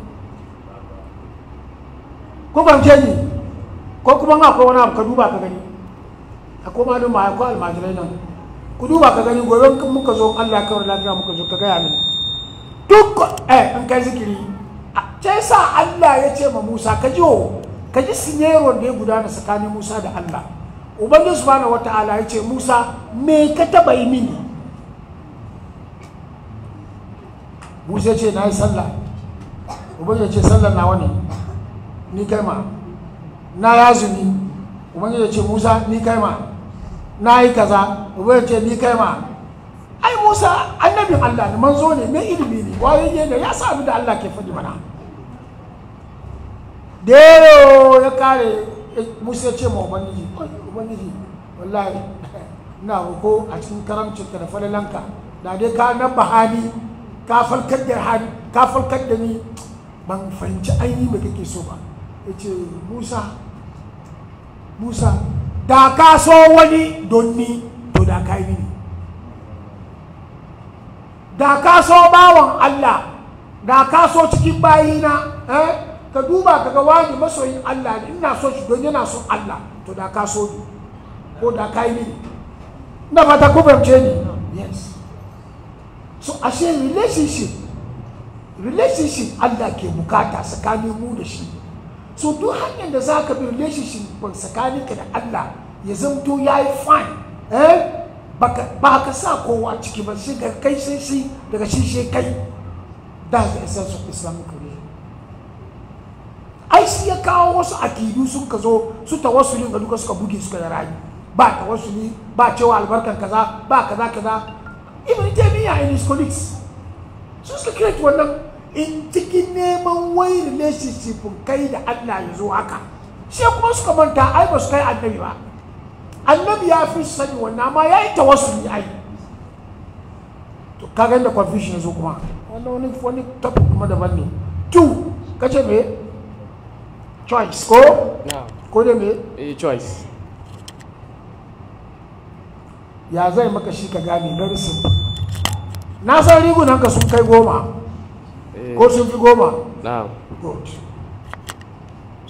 [SPEAKER 3] ko ban ce ni ko kuma ko wani abu ka duba ka gani akwai malum ma akwai almajirai nan ku duba ka gani gobe kan muka zo Allah kawai lafiya muka zo ka gaya mini duk eh an kai zikiri sai sa Allah ya ce ma Musa ka ji ka ji sinero da ya gudana tsakanin Musa da Allah ubangiji subhanahu wataala ya ce Musa me ka taba yi mini Musa ce na yi sallah ubangiji ce sallah nawa ne ni kai ma na yazumi ubangiji ce Musa ni kai ma na yi kaza ubai ce ni kai ma ai musa annabin allah ne manzo ne mai ilimi ne wayayye ne ya sa da allah ke faɗi mana da ya kare eh, musa ce ma ubangiji ubangiji wallahi na ko a cikin ka da falalanka da dai ka nan bahani ka falkar da hali ka falkar da ni ban fahimci ainihi mai kake so ba ya ce musa musa da ka so wani don ni to da ka yi mini da ka so bawan Allah da ka so cikin bayina eh ka duba ka ga wani masoyin Allah ne ina so shi don yana son Allah to da ka so ni ko da ka yi mini na fata ku fahimce ni yes so ashe relationship relationship Allah ke bukata tsakanin mu da shi so duk hanyar da za ka bi relationship tsakaninka da Allah ya zamto ya yi fine eh ba ka sa kowa ciki ba shi ga kai sai shi daga shi sai kai da ga essence of islamic ai shi ya kawo wasu akidu sun ka zo su tawassulin ga duka suka buge suka da rayu ba tawassuli ba cewa albarkan kaza ba kaza kaza ibn taymiya in his colleagues su suka create wannan in cikin neman wai relationship kai da Allah ya zo haka sai kuma suka manta ai ba su kai annabi ba annabi ya fi sani wannan amma ya yi ne ai to ka ga da confusion zo kuma wannan wani wani topic kuma daban ne two kace me choice ko ko da me eh choice ya zai maka shi ka gane very simple na san rigunan ka sun kai goma
[SPEAKER 4] eh. ko sun fi goma good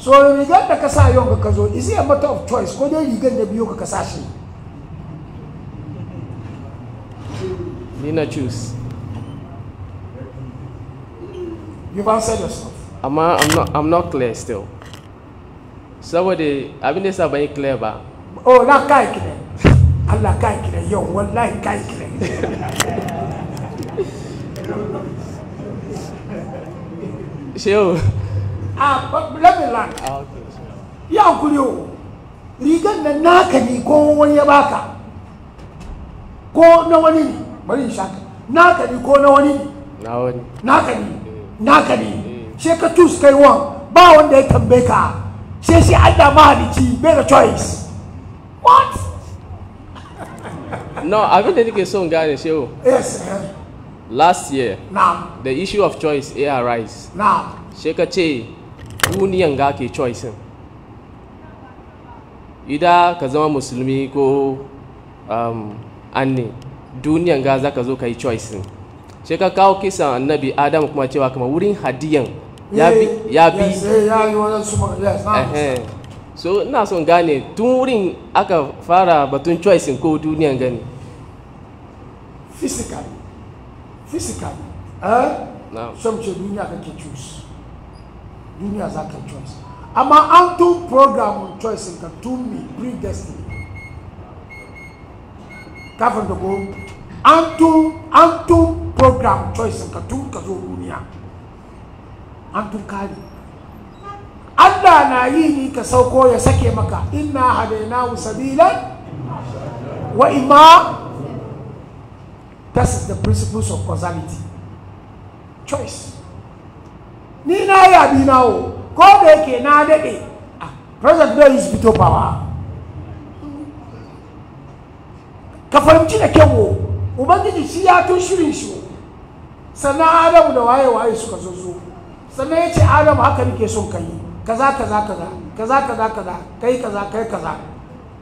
[SPEAKER 3] so rigar da ka sa yau ka zo is a matter of choice ko dai rigar da biyo
[SPEAKER 4] ka sa shi ni na choose you've answered yourself amma i'm not i'm not clear still saboda abin da sa ban yi clear ba
[SPEAKER 3] oh na kai kire Allah kai kire yau wallahi kai kire shehu a ah, level land ah, ya hankuri o rigar da naka ne ko wani ya baka ko na wani ne bari shaka naka ne ko na wani
[SPEAKER 4] ne
[SPEAKER 3] naka ne eh. naka ne eh. sai ka tus kai wan
[SPEAKER 4] ba wanda ya tambaye ka sai sai an da mahalici bai da choice what no abin da nake son gane shehu yes last year nah. the issue of choice air rise nah. sai ka ce duniyan ga ke choicing ida ka zama musulmi ko um, anne duniyan ga za ka zo ka yi choicing sai ka kawo kisan annabi adam kuma cewa kamar wurin hadiyan ya bi eh, ya bi eh, so ina son gane tun wurin aka fara batun choicing ko duniyan gani
[SPEAKER 3] physically physically eh no. some ce duniya kake choose I'm a choice amma an program choice and tun mi predestiny kafin da ko an tun program choice ka tun ka zo duniya kali. tun Allah na yi ni ka ya sake maka inna hadainahu sabilan wa ima This is the principles of causality. Choice. ni na yi abi na o ko da yake na daɗe president no is fito power ka fahimci da kyanwo ubangiji shi ya tun shirin shi sannan adamu da waye waye suka zo zo sannan ya ce adamu haka nake son ka yi kaza kaza kaza kaza kaza kaza kai kaza kai kaza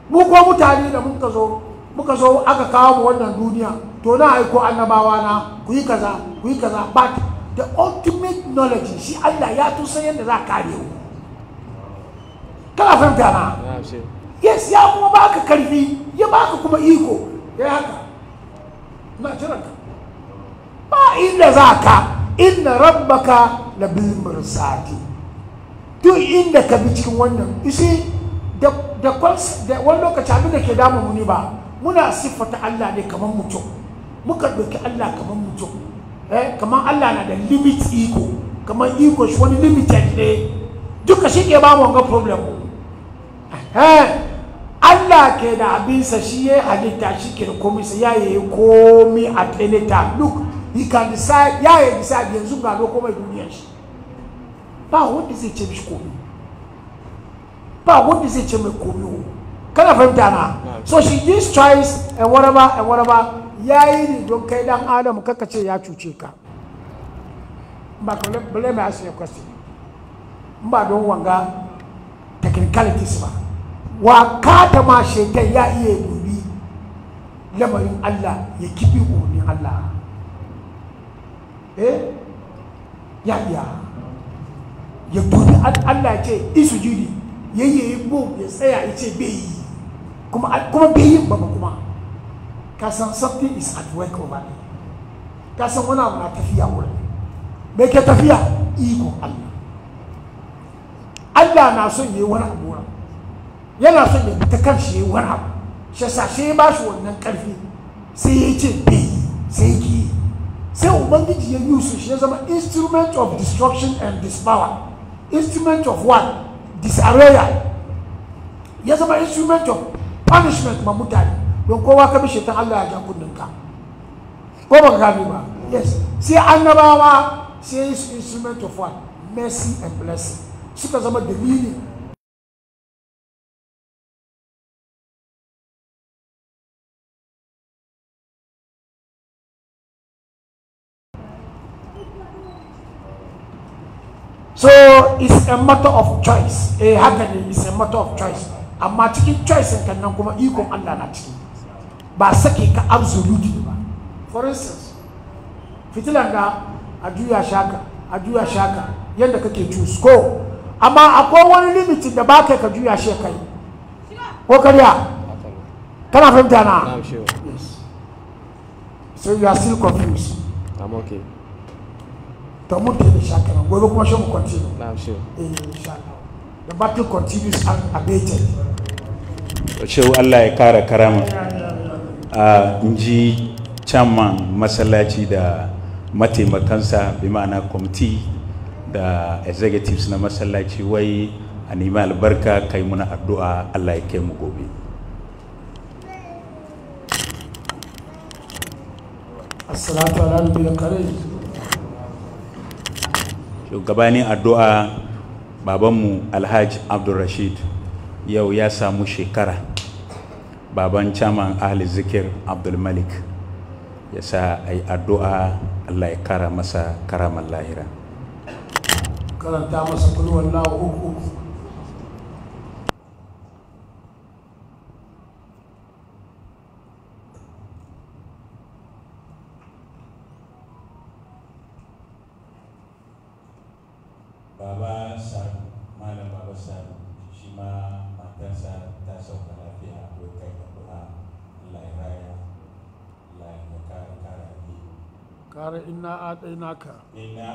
[SPEAKER 3] mu ko mutane da muka zo muka zo aka kawo mu wannan duniya to na aiko annabawa na ku yi kaza ku yi kaza ba the ultimate knowledge shi Allah ya tusan yadda za ka kare ku kana fahimta na yes ya kuma baka karfi ya baka kuma iko ya haka na jiran ka ba inda za ka inna rabbaka la bil mursati duk inda ka bi cikin wannan isi da da wani lokaci abin da ke damu mu ne ba muna siffata Allah ne kamar mutum muka ɗauki Allah kamar mutum eh kamar Allah na da limit iko kamar iko shi wani limited ne duka shi ke ba mu ga problem eh Allah ke da sa shi ya halitta shi ke da komai sa ya yi komai at any time look he can decide ya yi decide yanzu ga komai duniyar shi ba wanda zai ce mishi komai ba wanda zai ce mai komai kana fahimta na so she gives choice and whatever and eh, whatever ya yi ne don kai dan adam kaka ce ya cuce ka ba bale mai ask kwasi ba don wanga technicalities ba wa ta ma shekai ya iya gobi lamarin Allah ya kifi umarnin Allah eh ya iya ya dubi Allah ce isu jiri ya yi ya tsaya ya ce bai yi kuma bai yi ba kuma kasan something is at work over me kasan wani abu na tafiya wurin me ke tafiya iko Allah Allah na son yi wani abu wurin yana son ya ta karshe yi wani abu shi yasa shi ya bashi wannan karfi sai ya ce bai sai ki sai ubangiji ya yi su shi ya zama instrument of destruction and dispower instrument of what disarray ya zama instrument of punishment ma mutane don kowa ka bishe ta Allah ya ja kundinka ko ba ka gane ba
[SPEAKER 2] yes sai annabawa sai su instrument of what mercy and blessing suka zama dalili so it's
[SPEAKER 3] a matter of choice A eh, happening is a matter of choice amma cikin choice kan nan kuma ikon Allah na ciki ba sake ka absolute ba for instance fitilan ga a juya shaka a juya shaka yadda kake choose ko amma akwai wani limitin da baka ka juya shi kai ko karya kana fahimta na so you are still confused i'm okay ta mutu da shaka na gobe kuma shan
[SPEAKER 4] continue na eh, shi the battle continues unabated to Allah
[SPEAKER 1] ya kara karama a ji chairman masallaci da mataimakansa bi ma'ana kwamiti da executives na masallaci wai a nemi albarka kai muna addu'a allah ya kai mu gobe
[SPEAKER 3] assalatu ala
[SPEAKER 1] shugabanin addu'a babanmu alhaji abdulrashid yau ya samu shekara baban caman ahli zikir abdulmalik ya sa a yi addu'a allah ya kara masa karamar lahira
[SPEAKER 3] karanta masa kulwallahu uku tare inna a ɗainaka inna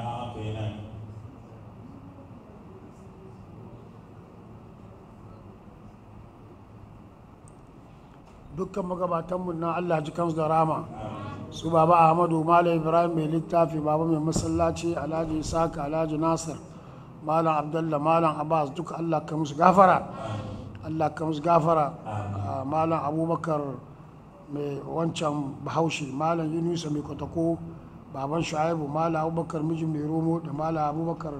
[SPEAKER 3] dukkan magabatanmu na Allah ji kansu da rama su baba ahmadu Malam ibrahim mai littafi baba mai masallaci alhaji isaka alhaji nasir malam abdullah malam abbas duka Allah ka musu gafara Allah ka musu gafara ah, malam abubakar mai wancan bahaushe malam yunusa mai kwatako baban shu'aibu mala abubakar mijin mai romo da mala abubakar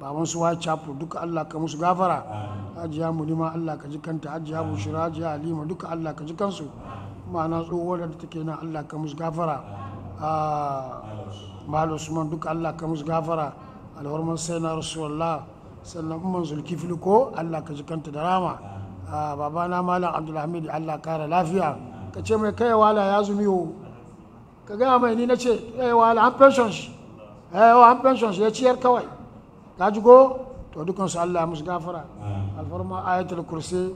[SPEAKER 3] baban su wa chapo duka allah ka musu gafara ajiya mulima allah ka ji kanta ajiya bushira ajiya halima duka allah ka ji kansu ma'ana tsohuwar da take nan allah ka musu gafara ah, malo usman duka allah ka musu gafara alhorman sai na rasulallah sannan umman zulkifil ko allah ka ji kanta da rama ah, babana malam abdulhamid allah kara lafiya ka ce mai kai wala ya zumi ka gaya mai ni na ce yawa eh, an pension shi yawa eh, an pension shi ya ciyar kawai ka ji go to dukansu Allah musu gafara alfarma ayatul kursi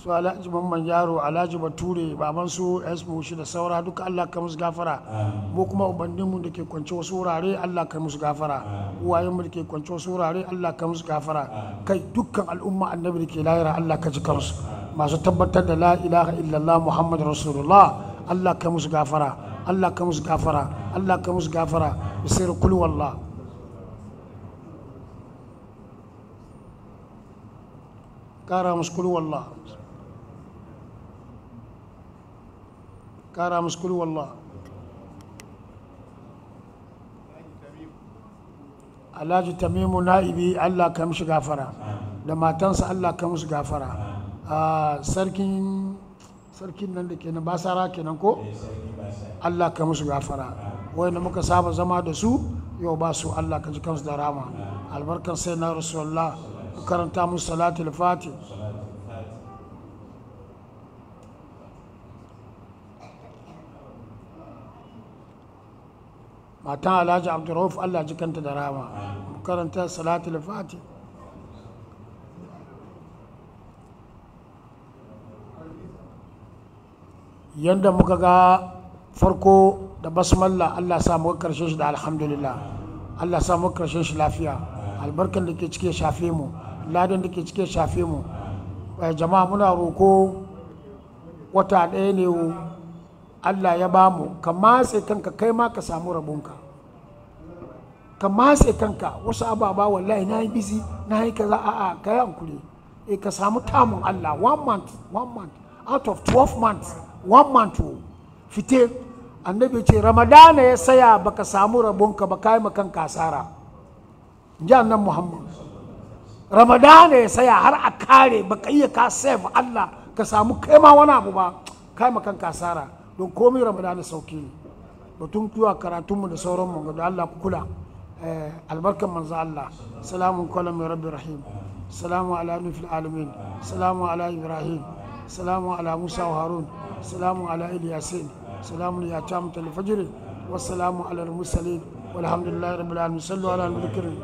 [SPEAKER 3] su alhaji mamman yaro alhaji bature baban su esbo shi da saura duka allah ka musu gafara mu kuma ubanninmu da ke kwance wasu wurare allah ka musu gafara uwayenmu da ke kwance wasu wurare allah ka musu gafara kai dukkan al'umma annabi da ke layira allah ka ji kansu masu tabbatar da la ilaha illallah muhammad rasulullah allah ka musu gafara allah ka musu gafara allah ka musu gafara bisir kul wallah kara musu kul wallah Kara musu kulu wallah alhaji tamimu na'ibi allah ka mishi gafara da matansa allah ka musu gafara ah, sarkin sarkin nan da kenan basara kenan ko eh, allah ka musu gafara Wai wanda muka saba zama da su yau ba su allah ka ji kansu da rama albarkar sai na rasulullah karanta musu salatul fatih matan alhaji abdurrauf allah jikanta da rama karanta salatul fati yadda muka ga farko da basmalla allah samu karshen shi da alhamdulillah allah samu karshen shi lafiya albarkan da ke cike shafe mu ladan da ke cike shafe mu eh, jama'a muna roko wata ɗaya ne Allah ya ba mu ka matse kanka kai ma ka samu rabonka ka matse kanka wasu ababa wallahi na yi bizi na yi kaza a'a ka yi hankuri e ka samu tamun Allah one month one month out of 12 months one month oh, fite annabi ce ramadana ya saya baka samu rabonka ba ka yi makan kasara ji annan muhammad ramadana ya saya har a kare baka iya ka save Allah ka samu kai ma wani abu ba ka yi makan kasara don komai ramadana sauki ne batun kiwa karatunmu da sauranmu da Allah ku kula eh, albarkan manzo Allah salamun kwallon mai rabbi rahim salamun ala nufil alamin salamu ala ibrahim salamu ala musa wa harun salamun ala iliyasin salamun ya tamu talfajiri wasalamu
[SPEAKER 2] ala musalin walhamdulillahi rabbil alamin sallu ala al-mukirin